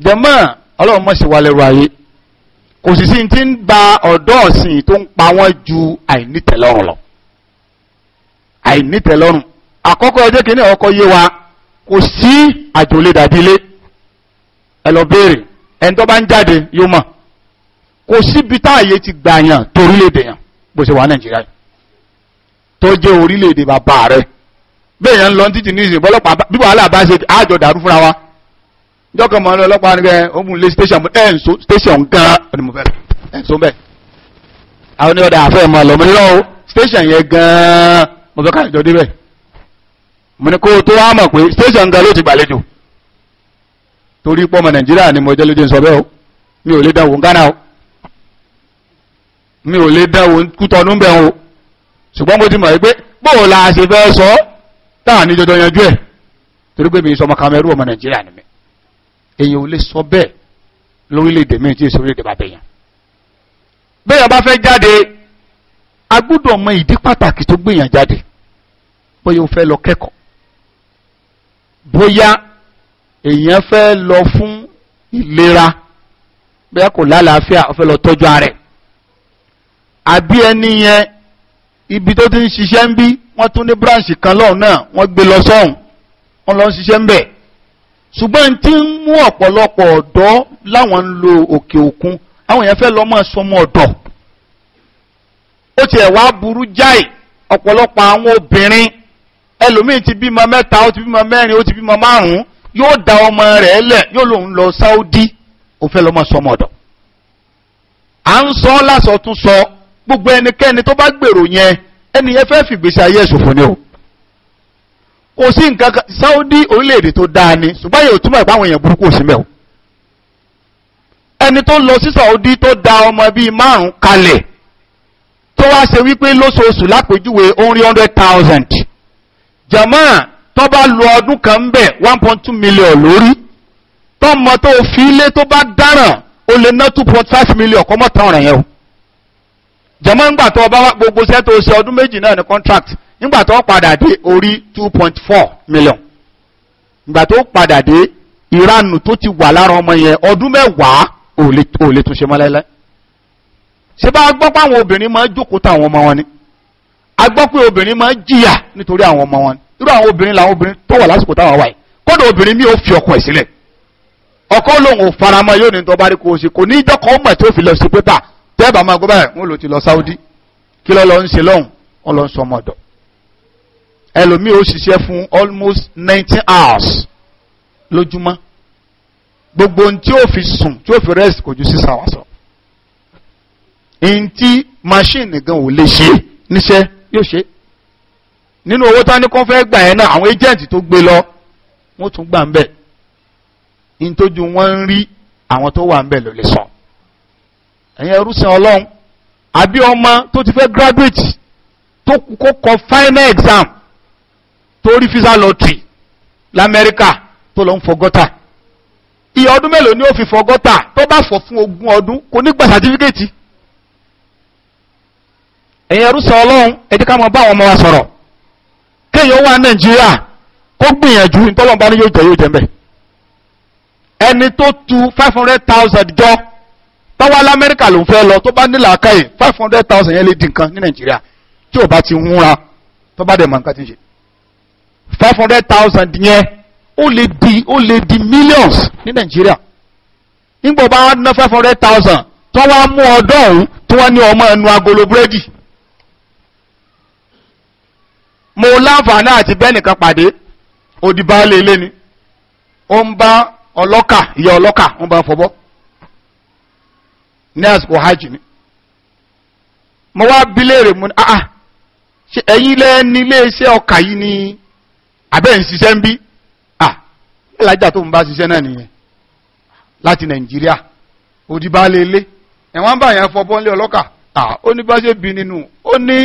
jẹ̀mọ́ ọlọ́run mọ̀ sí wa lẹ́rù ayé kò sì sí ti ń ba ọ̀dọ́ ọ̀sìn tó ń pa wọ́n ju àìnítẹ̀lọ́rùn lọ àìnítẹ̀lọ́rùn àkọ́kọ́ ọjọ́ kìíní ọkọ̀ yé wa kò sí àjòlè dàbí ilé ẹ lọ béèrè ẹni tó bá ń jáde yóò mọ̀ kò síbi táàyè ti gbàyàn torílẹ̀-èdè yàn bó ṣe wà nàìjíríà yìí tó jẹ́ orílẹ̀-èdè bàbá rẹ̀ bẹ́ẹ̀ yẹn ń lọ títí ní ìsìn bọ́lọ́pàá bí wàhálà bá ṣe àjọ dàrú fúnra wa jọ́kọ̀ mọ́ ní ọlọ́pàá nígbẹ́ ogun lé station ẹ̀ station gan-an ọ̀nà mo fẹ́ rẹ̀ ẹ̀ ń so station yẹn gan-an débẹ̀ mo ní kó tó wá mọ̀ pé station gan ló ti gbàlejò torí pọ́mọ nàìjíríà ni mo jẹ́ sọ bẹ́ẹ̀ mi ò lè dánwò Ghana o mi ò lè dánwò Kútọ́nù bẹ́ẹ̀ o ṣùgbọ́n mo ti mọ̀ pé bóò la ṣe fẹ́ sọ táà ní jọjọ yanjú ẹ̀ torí pé mi sọ ọmọ Cameroon ọmọ nàìjíríà ni mi èyí ò lè sọ bẹ́ẹ̀ lórílẹ̀-èdè mi tí èso orílẹ̀-èdè bá bẹ̀yàn bẹ́ẹ̀ bá fẹ́ jáde a gbọ́dọ̀ mọ ìdí pàtàkì tó gbìyàn jáde bóyá o fẹ́ lọ kẹ́kọ̀ọ́ bóyá èèyàn fẹ́ lọ fún ìlera bóyá kò lálàáfíà ó fẹ́ lọ tọ́jú ara rẹ̀ àbí ẹni yẹn ibi tó ti ń ṣiṣẹ́ ń bí wọ́n tún ní bíráǹṣì kan lọ́hùn náà wọ́n gbé lọ sọ́hùn wọ́n lọ ń ṣiṣẹ́ ń bẹ̀ ṣùgbọ́n tí ń mú ọ̀pọ̀lọpọ̀ ọ̀dọ́ láwọn ń lo òkè òkun àwọn èèyàn fẹ́ lọ máa sọmọ ọ̀dọ̀ ó tiẹ̀ wá burú jáì ọ̀pọ̀lọpọ̀ àwọn obìnrin ẹlòmíì ti bímọ mẹ́ta ó ti bímọ mẹ́rin ó ti bímọ márùn-ún yóò da ọmọ rẹ̀ lẹ̀ yóò lòun lọ Saudi ó fẹ́ lọ́mọ sọmọ ọ̀dọ̀ à ń sọ lásọ tún sọ gbogbo ẹnikẹ́ni tó bá gbèrò yẹn ẹni yẹn fẹ́ fìgbésí ayé ẹ̀sùn fún ni o kò sí nǹkan kan Saudi orílẹ̀-èdè tó dáa ni ṣùgbọ́n yóò túmọ̀ ìpáwọn èèyàn burúkú òsì mẹ́wọ̀ ẹni tó lọ sí Saudi tó da ọmọ bíi márùn-ún kalẹ̀ tó wá ṣe wípé lóṣooṣù lápèjúwe ó ń rí hundred thousand jama tó bá lo ọdún kan ń bẹ̀ one point two million lórí tọ́mọ tó fi ilé tó bá dáràn o lè ná two point five million kọ́mọ́ tán ọ̀ràn yẹn o jama ńgbà tó bá gbogbo iṣẹ́ tó ṣe ọdún méjì náà ní contract nígbà tó padà dé orí two point four million ìgbà tó padà dé ìranù tó ti wà lára ọmọ yẹn ọdún mẹ́wàá ò lè tún ṣe mọ́ láéláé ṣé bá gbọ́ pé àwọn obìnrin máa ń jókòó táwọn ọmọ wọn ni a gbọ́ pé obìnrin máa ń jìyà nítorí àwọn ọmọ wọn irú àwọn obìnrin làwọn obìnrin tó wà lásìkò táwọn wáyé kódà obìnrin mi ò fi ọkọ ẹ̀ sílẹ̀ ọkọ lòun ò faramọ́ yóò ní tó bá rí kó o ṣe kò ní ìjọkọ̀ ọmọ ẹ̀ tó fi lọ sí pépà tẹ́ bá máa gbọ́ wọn lò ti lọ Saudi kí lọ́ lọ ń ṣe lọ́hùn wọn lọ ń sọ ọmọdọ̀ ẹlòmíì ó ṣiṣẹ́ fún almost nineteen hours lójúmọ́ gbogbo ohun tí ó fi sùn tí ó fi rest kò ju six hours lọ. machine gan ò lè ṣe níṣẹ́ yóò ṣe nínú owó tán ní kó fẹ́ gbà yẹn náà àwọn agent tó gbé lọ wọ́n tún gbà ń bẹ̀ ní tójú wọ́n ń rí àwọn tó wà ń bẹ̀ ló lè sọ ẹ̀yin ẹrúsìn ọlọ́run àbí ọmọ tó ti fẹ́ graduate tó kó kọ final exam tó rí visa lottery lamẹ́ríkà tó lọ ń fọgọ́tà iye ọdún mélòó ni ó fi fọgọ́tà tó bá fọ fún ogún ọdún kò ní gba certificate ẹ̀yin arúsọ ọlọ́run ẹ jẹ́ ká máa bá àwọn ọmọ wa sọ̀rọ̀ kéèyàn wà nàìjíríà kó gbìyànjú ìtọ́lọ́n bá ní yóò jẹ yóò jẹ mbẹ́ ẹni tó tu five hundred thousand jọ tọ́wọ́ lamẹ́ríkà ló ń fẹ́ lọ tó bá nílà káyè five hundred thousand yẹn lè di nǹkan ní nàìjíríà tí ò bá ti ń ra tó bá dẹ̀ mọ̀ nǹkan ti ń ṣe five hundred thousand yẹn ó lè di ó lè di millions ní nàìjíríà nígbà bá wọn ná five hundred thousand tọ́wọ́ á mú ọdọ́ọ̀hún tí wọ́n ní ọmọ ẹnu agolo búrẹ́dì mo láǹfààní àti bẹ́nìkan pàdé òdì baálé ilé ni ó ń bá ọlọ́kà ìyá ọlọ́kà ń bá fọbọ́ ní àsìkò hajj ni mo wá bi léèrè mo ní ah, ah ṣe ẹ̀yin lẹ́ iléeṣẹ́ ọkà yìí ni àbẹ́ ń ṣiṣẹ́ ń bí ah ìlàjà tó ń bá ṣiṣẹ́ náà nìyẹn láti nàìjíríà òdì baálé ilé ẹ̀wọ̀n bá yẹn fọbọ́ nílé ọlọ́kà ah ó ní bá ṣe bí nínú ó ní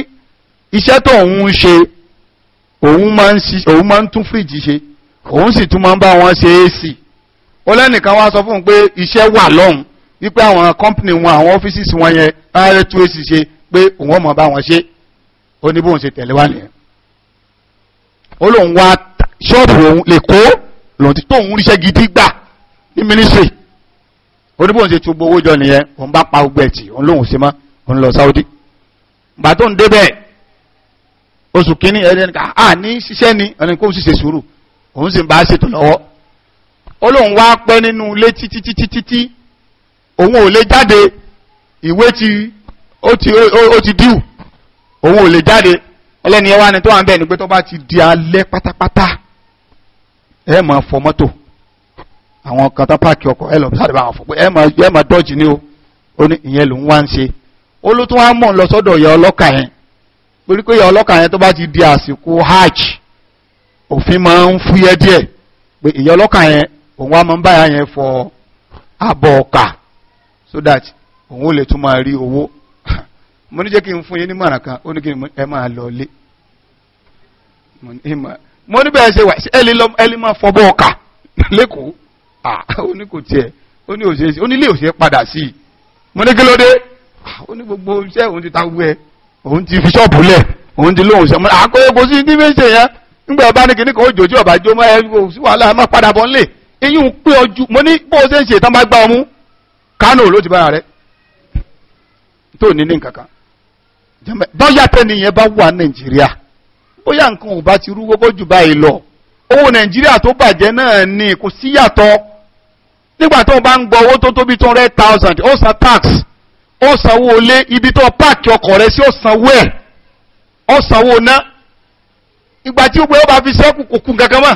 iṣẹ́ tó ń ṣe òun máa ń tún fíríjì ṣe òun sì tún máa ń bá wọn ṣe é sí ó lẹ́nìkan wá sọ fún un pé iṣẹ́ wà lọ́hùn wípé àwọn company wọn àwọn offices wọn yẹn rárẹ́ tú èsì ṣe pé òun ọmọ bá wọn ṣe ó ní bóun ṣe tẹ̀lé wá nìyẹn ó lóun wá ṣọ́ọ̀bù òun lè kó lòun ti tóun ríṣẹ́ gidi gbà ní ministry ó ní bóun ṣe tu gbowó jọ nìyẹn òun bá pa gbogbo tì òun lóun ṣe mọ́ òun lọ Saudi gbà ń débẹ̀ oṣù kínní ẹni ká à ní ṣiṣẹ́ ni ẹni kó ń ṣiṣẹ́ sùúrù òun sì ń bá ṣètò lọ́wọ́ ó wá pẹ́ nínú ilé títí títí títí òun ò lè jáde ìwé ti ó ti ó ti díù òun ò lè jáde ọlẹ́ni ẹwà ni tó wà ń bẹ̀ ni pé tó bá ti di alẹ́ pátápátá ẹ máa fọ mọ́tò àwọn kan tó páàkì ọkọ̀ ẹ lọ sáré bá wọn fọ pé ẹ máa dọ́jì ni o ó ní ìyẹn lòun wá ń ṣe ó ló tún mọ̀ lọ sọ́dọ̀ ìyá ọlọ́kà yẹn torí pé ọlọ́kà yẹn tó bá ti di àsìkò hajj òfin máa ń fúyẹ́ díẹ̀ pé ìyá ọlọ́kà yẹn òun wá máa ń báyà yẹn fọ abọ́ ọkà so that òun ò lè tún máa rí owó mo ní jẹ́ kí n fún yín ní mọ̀ràn kan ó ní kí ẹ máa lọ lé mo ní bẹ́ẹ̀ ṣe wà sí ẹlí máa fọ́bọ́ ọkà lẹ́kọ̀ọ́ ó ní kò tiẹ̀ ó ní òṣèṣe ó ní ilé òṣèṣe padà sí i mo ní kí ló dé ó ní gbogbo iṣẹ́ òun ti ta gbogbo ẹ̀ òun ti fi ṣọ́ọ̀bù lẹ̀ òun ti lóhùn sẹ́mu àkóyè kò sí ní méjì yẹn nígbà bá ní kíní kan ó jò tí ọ̀bà jó mọ́ wàhálà má padà bọ́ nílé eyín ń pé ọjú mo ní bó o ṣe ń ṣe tán bá gbá ọmú kánò ló ti bára rẹ tó ní ní nkankan bóyá tẹ́niyẹn bá wà nàìjíríà bóyá nǹkan ò bá ti rú gbogbo jù báyìí lọ owó nàìjíríà tó bàjẹ́ náà ni kò síyàtọ̀ nígbà tó o bá ń gbọ́ owó tó tóbi tó rẹ́ thousand ó san tax ó sanwó ilé ibi tó páàkì ọkọ̀ rẹ sí ó sanwó ẹ̀ ó sanwó ná ìgbà tí ó gbé ó bá fi sẹ́kù kò kún kankan mọ́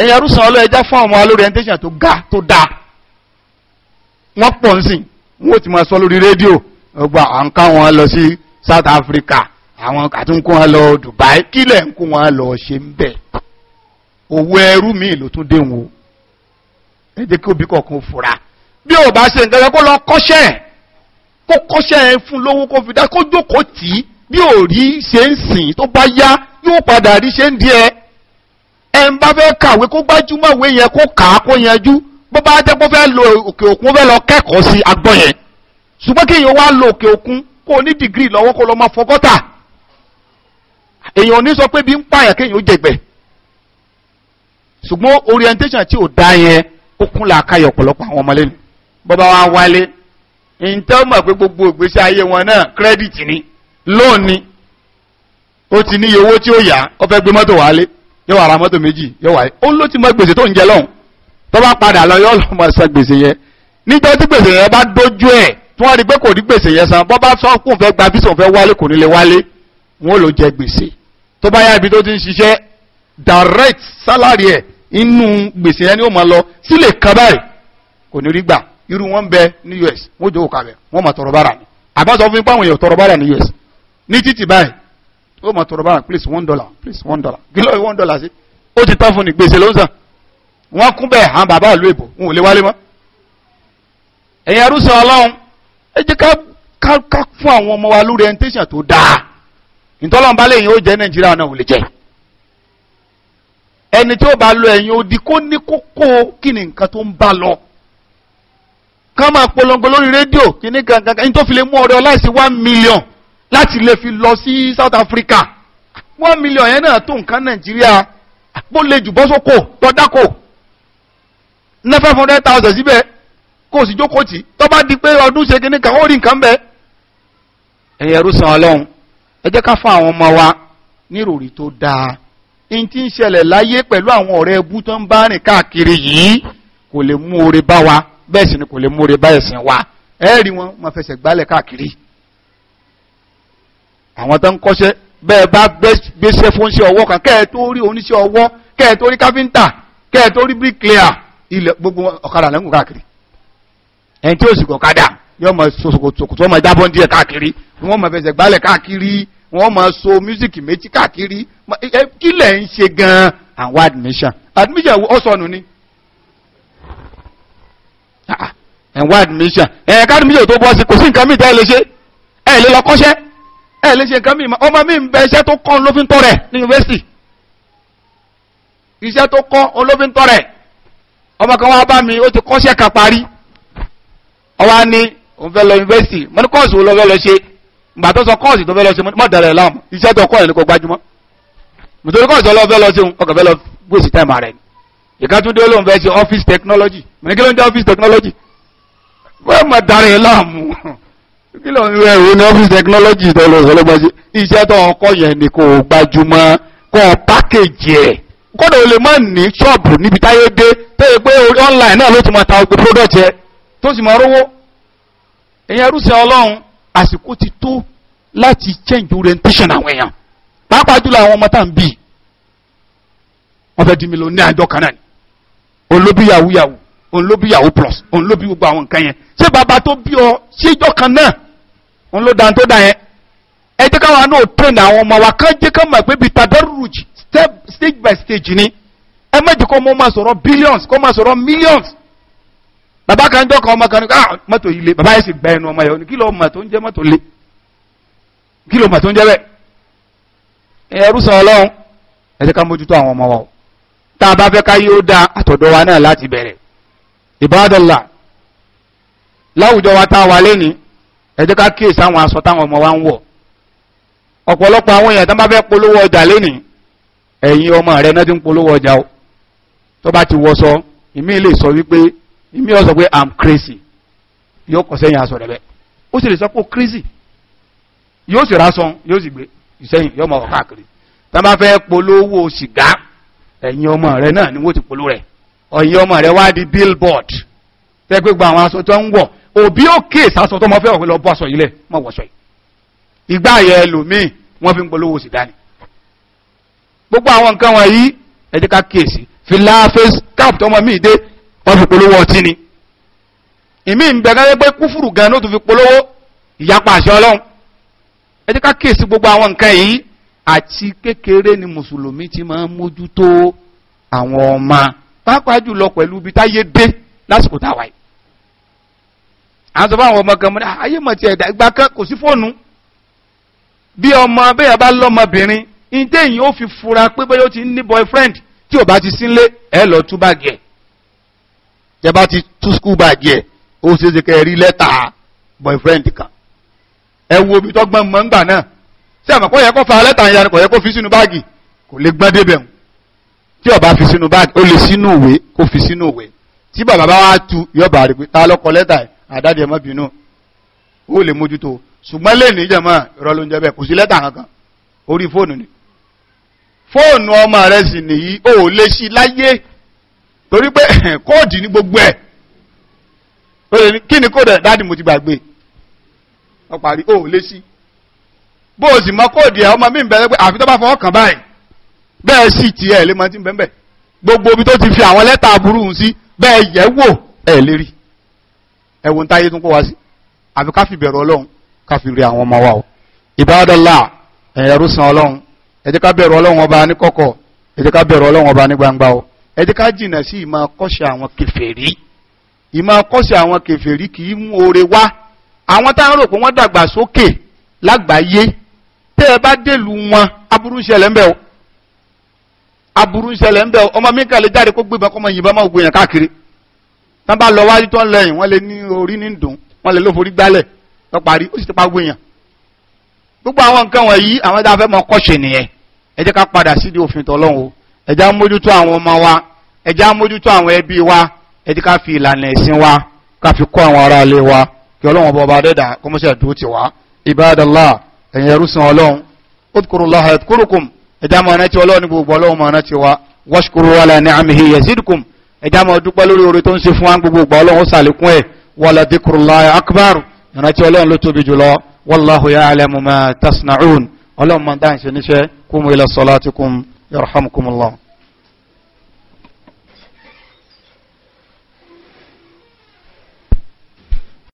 ẹ̀yin arúsàn ọlọ́ ẹja fún àwọn alórientation tó ga tó da wọ́n pọ̀ ń sìn wọ́n ti máa sọ lórí rédíò ọgbà à ń wọn lọ sí South Africa àwọn àtúnkún wọn lọ Dubai kílẹ̀ ń kún wọn lọ ṣe ń bẹ̀ owó ẹrú mi ló tún dé wọn ẹ jẹ́ kí òbí kọ̀ọ̀kan fura bí ò bá ṣe nǹkan kó lọ kọ́ṣẹ́ kó kọ́ṣẹ́ fún lówó kó fi dá kó jókòó tì í bí ò rí ṣe ń sìn tó bá yá yóò padà rí ṣe ń di ẹ ẹ ń bá fẹ́ kàwé kó gbájúmọ̀ ìwé yẹn kó kà á kó yanjú bó bá jẹ́ kó fẹ́ lo òkè òkun fẹ́ lọ kẹ́kọ̀ọ́ sí agbọ́n yẹn ṣùgbọ́n kí èèyàn wá lo òkè òkun kó ní dìgírì lọ́wọ́ kó lọ máa fọ èèyàn ní sọ pé bí ń pààyàn kéèyàn ó jẹgbẹ́ ṣùgbọ́n orientation tí ò dá yẹn ó kún làákàyè ọ̀pọ̀lọpọ̀ àwọn ọmọ bọ́bá wa wálé ìntẹ́ mọ̀ pé gbogbo ìgbésí ayé wọn náà kírẹ́dìtì ni lóòn ni ó ti níye owó tí ó yá ó fẹ́ gbé mọ́tò wálé yóò wá ra mọ́tò méjì yóò wáyé ó ló ti mọ gbèsè tó ń jẹ lọ́hùn tó bá padà lọ yóò lọ mọ san gbèsè yẹn níjọ́ tí gbèsè yẹn bá dójú ẹ̀ tí wọ́n rí pé kò rí gbèsè yẹn san bọ́ bá sọ́kùn fẹ́ gba bísọ̀ fẹ́ wálé kò ní lè wálé wọn ò lọ jẹ gbèsè tó bá yá ibi tó ti ń ṣiṣẹ́ direct salary ẹ̀ inú gbèsè yẹn ni ó máa lọ sílẹ̀ kan kò ní rí gbà irú wọn bẹ ní US wọn jókòó kalẹ̀ wọn máa tọrọ bára ni àbá fún tọrọ bára ní US ní títì báyìí ó tọrọ bára please one dollar please one dollar kìlọ̀ one dollar sí ó ti tán fún ni gbèsè ló sàn wọn kún bẹ́ẹ̀ hàn bàbá ìlú èbò wọn ò lè wálé mọ́ ẹ̀yin arúsọ ọlọ́run ẹ jẹ́ ká fún àwọn ọmọ wa lórí orientation tó dáa yìí ó jẹ́ Nàìjíríà náà ká máa polongo lórí rédíò kíní kankan ní tó fi lè mú ọrẹ ọláìsí one million láti lè fi lọ sí South Africa one million yẹn náà tó nǹkan Nàìjíríà bó lè jù bọ́sọ́kò tọ́dákò ná five hundred thousand síbẹ̀ tó bá di pé ọdún ṣe kíní kan ó rí nǹkan bẹ́ẹ̀. ọmọ wa tó dáa ti ń ṣẹlẹ̀ láyé pẹ̀lú àwọn ọ̀rẹ́ ẹbú tó ń bá rìn wa bẹ́ẹ̀ sì ni kò lè múre báyìí sìn wá ẹ rí wọn wọn fẹsẹ̀ gbálẹ̀ káàkiri àwọn tó ń kọ́ṣẹ́ bẹ́ẹ̀ bá gbéṣẹ́ fúnṣẹ́ ọwọ́ kan kẹ́ ẹ tó rí oníṣẹ́ ọwọ́ kẹ́ ẹ tó rí káfíńtà kẹ́ ẹ tó rí bíríkìlíà ilẹ̀ gbogbo ọ̀kadà lẹ́gùn káàkiri ẹni tí ó sì kọ̀kadà yóò mọ sòkòtò ọmọ ìjábọ̀ díẹ̀ káàkiri wọ́n mọ fẹsẹ̀ gbálẹ̀ káàkiri wọ́n mọ so mísíkì méjì káàkiri kí lẹ̀ ń ṣe gan-an àwọn admission admission ọ̀sọ̀nù ni ẹ̀ wá admission ẹ̀ ká admission tó bọ́ sí kò sí nǹkan mìíràn tẹ́ ẹ lè ṣe ẹ eh, lè lọ kọ́ṣẹ́ ẹ eh, lè ṣe nǹkan mìíràn ọmọ mi ń bẹ iṣẹ́ tó kọ́ ló fi ń tọrẹ ní yunifásitì iṣẹ́ tó kọ́ ló fi ń tọrẹ ọmọ kan wá bá mi ó ti kọ́ṣẹ́ kan parí ọwọ́ á ní òun fẹ́ lọ yunifásitì mo ní kọ́ọ̀sì wo lọ fẹ́ lọ ṣe ìgbà tó sọ kọ́ọ̀sì tó fẹ́ lọ ṣe mọ́ dẹ̀rẹ̀ láàmú iṣẹ́ tó kọ́ ẹ̀ ní kò gbájúmọ́ nítorí kọ́ọ̀sì ọlọ́fẹ́ lọ ṣe òun ọkọ̀ fẹ́ lọ gbèsè táìmù rẹ̀ ni ìkátúndé olóhùn fẹ́ ṣe office technology mo ní kí ló ń jẹ́ office technology wọ́n mọ̀ darí láàmú kí ló ń rẹ̀ ní office technology tó ṣe iṣẹ́ ni kò kò ẹ̀ kódà online náà ló ta ọgbẹ́ product yẹ tó sì rówó èyàn ti tó láti change orientation àwọn èèyàn jùlọ àwọn ọmọ tá à ń bì di òun ló bí yahoo yahoo òun ló bí yahoo plus òun ló bí gbogbo àwọn nǹkan yẹn ṣé bàbá tó bí ọ ṣéjọ́ kan náà òun ló dáa tó dáa yẹn ẹ jẹ́ káwọn náà train àwọn ọmọ wa kán jẹ́ ká mọ̀ pé bíi tadarruj step stage by stage ni ẹ má jẹ́ kó máa sọ̀rọ̀ billions kó máa sọ̀rọ̀ millions bàbá kan jọ kan ọmọ kan ní ká ah, mọ́tò yìí le bàbá yẹn sì gba ẹnu ọmọ yẹn kí ló tó ń jẹ́ mọ́tò le kí ló tó ń jẹ́ bẹ́ẹ̀ ẹrú sọ ọlọ́run ẹ jẹ́ ká mójútó àwọn ọmọ wa o tá a bá fẹ́ ká yóò dá àtọ̀dọ̀ wa náà láti bẹ̀rẹ̀ ìbádọ́là láwùjọ wa tá a wà lẹ́ni ẹ jẹ́ ká kíyèsí àwọn aṣọ táwọn ọmọ wa ń wọ̀ ọ̀pọ̀lọpọ̀ àwọn èèyàn tó bá fẹ́ polówó ọjà lẹ́ni ẹ̀yin ọmọ rẹ̀ náà ti ń polówó ọjà o tó bá ti wọṣọ ìmí lè sọ wípé ìmí ó sọ pé i'm crazy yóò kọ sẹ́yìn aṣọ rẹ̀ bẹ́ẹ̀ ó sì lè sọ pé oh, crazy yóò sì rásán yóò sì gbé ìsẹ́yìn yóò mọ̀ ọ́ káàkiri tá bá fẹ́ polówó sìgá ẹ̀yìn ọmọ rẹ̀ náà ni wọ́n ti polú rẹ̀ ọ̀yìn ọmọ rẹ̀ wá di billboard fẹ́ pé gba àwọn aṣọ tó ń wọ̀ òbí òkè sásọ tó mọ fẹ́ ọ̀pẹ lọ bọ́ aṣọ ilẹ̀ mọ̀ wọ̀ṣọ yìí ìgbà yẹ ẹlòmíì wọ́n fi ń polówó sì dání gbogbo àwọn nǹkan wọn yìí ẹ face cap tọmọ mi dé wọ́n fi polówó ọtí ni ìmí ń bẹ̀ káyẹ́ pé kúfùrù gan ló tún fi polówó ìyapa àṣẹ àti kékeré ni mùsùlùmí ti máa ń mójútó àwọn ọmọ pàápàá jùlọ pẹ̀lú ibi táyé dé lásìkò táwa yìí àwọn sọfọ àwọn ọmọ kan mọ ah, ayé mọ ti ẹ̀dá ìgbà kan kò sí fóònù bí ọmọ bẹ́ẹ̀ bá lọ́mọbìnrin ìdẹ́yìn ó fi fura pé bẹ́ẹ̀ ó ti ní boyfriend tí ò bá ti sínlé ẹ lọ tú báàgì ẹ̀ jẹ́ bá ti tú skul báàgì ẹ̀ ó ṣeéṣe kẹ́ rí lẹ́tà boyfriend kan ẹ wo ibi tọ́gbọ́n mọ́ ń gbà náà sí àmọ́ kò yẹ kó fa lẹ́tà yẹn kò yẹ kó fi sínú báàgì kò lè gbọ́n débẹ̀ ń tí ọba fi sínú báàgì ó lè sínú ìwé kó fi sínú ìwé tí bàbá bá wá tu yọba rẹ pé ta ló kọ lẹ́tà àdáde ẹ̀mọ́ bínú ó lè mójútó ṣùgbọ́n lẹ́nu ìjọba ìrọ̀ ló ń jẹ bẹ́ẹ̀ kò sí lẹ́tà kankan orí fóònù ni fóònù ọmọ rẹ sì nìyí ó lè ṣí láyé torí pé kóòdì ní gbogbo ẹ̀ kí ni kóòdì dáàdì mo ti gbàgbé ó parí ó lè ṣí bó o sì mọ kóòdì ẹ̀ ọmọ mi ń bẹ̀rẹ̀ pé àfi tó bá fọwọ́ kàn báyìí bẹ́ẹ̀ sì ti ẹ̀ lè mọ tí ń bẹ́ẹ̀ bẹ́ẹ̀ gbogbo ibi tó ti fi àwọn lẹ́tà aburú hùn sí bẹ́ẹ̀ yẹ̀ wò ẹ̀ lérí ẹ̀wọ̀n táyé tún kó wá sí àfi ká fi bẹ̀rù ọlọ́run ká fi rí àwọn ọmọ wa o ìbádọ́lá ẹ̀rú san ọlọ́run ẹ ká bẹ̀rù ọlọ́run ọba ní kọ̀kọ̀ ẹ ká bẹ̀rù ọlọ́run ọba ní gbangba o ẹ ká jìnà sí ìmọ̀ kọ́ṣẹ́ àwọn kèfèrí ìmọ̀ kọ́ṣẹ́ àwọn kèfèrí kì í mú oore wá àwọn táwọn rò pé wọ́n dàgbà sókè lágbàáyé tẹ́ ẹ bá dèlù wọn aburú ń ṣẹlẹ̀ ń bẹ̀ o aburú ń ṣẹlẹ̀ ń bẹ̀ o ọmọ mi kàn lè jáde kó gbébọn kọ́mọ yìnbọn máa gbèyàn káàkiri tán bá lọ wájú tán lẹ́yìn wọ́n lè ní orí ní dùn wọ́n lè ló forí gbálẹ̀ lọ parí ó sì ti pa gbèyàn gbogbo àwọn nǹkan wọ̀nyí àwọn ẹ̀dá fẹ́ mọ kọ́ṣe nìyẹn ẹ jẹ́ ká padà sí di òfin tọ́lọ́run o ẹ jẹ́ àwọn ọmọ wa ẹ jẹ́ àwọn ẹbí wa ẹ ká fi ìlànà ẹ̀sìn wa ká fi kọ́ àwọn ará wa kí ọlọ́run bọ̀ bá dẹ́dà kọ́mọ́sẹ̀ dúró ti wá ibadallah ẹ̀yin ẹrúsìn ọlọ́run udkurullaha yadhkurukum ẹ̀dá máa rántí ọlọ́run ní gbogbo ọlọ́run máa rántí wa washkuru ala ni'amihi yazidkum ẹ̀dá máa dúpẹ́ lórí oore tó ń ṣe fún wa gbogbo ọgbà ọlọ́run ó sàlékún ẹ̀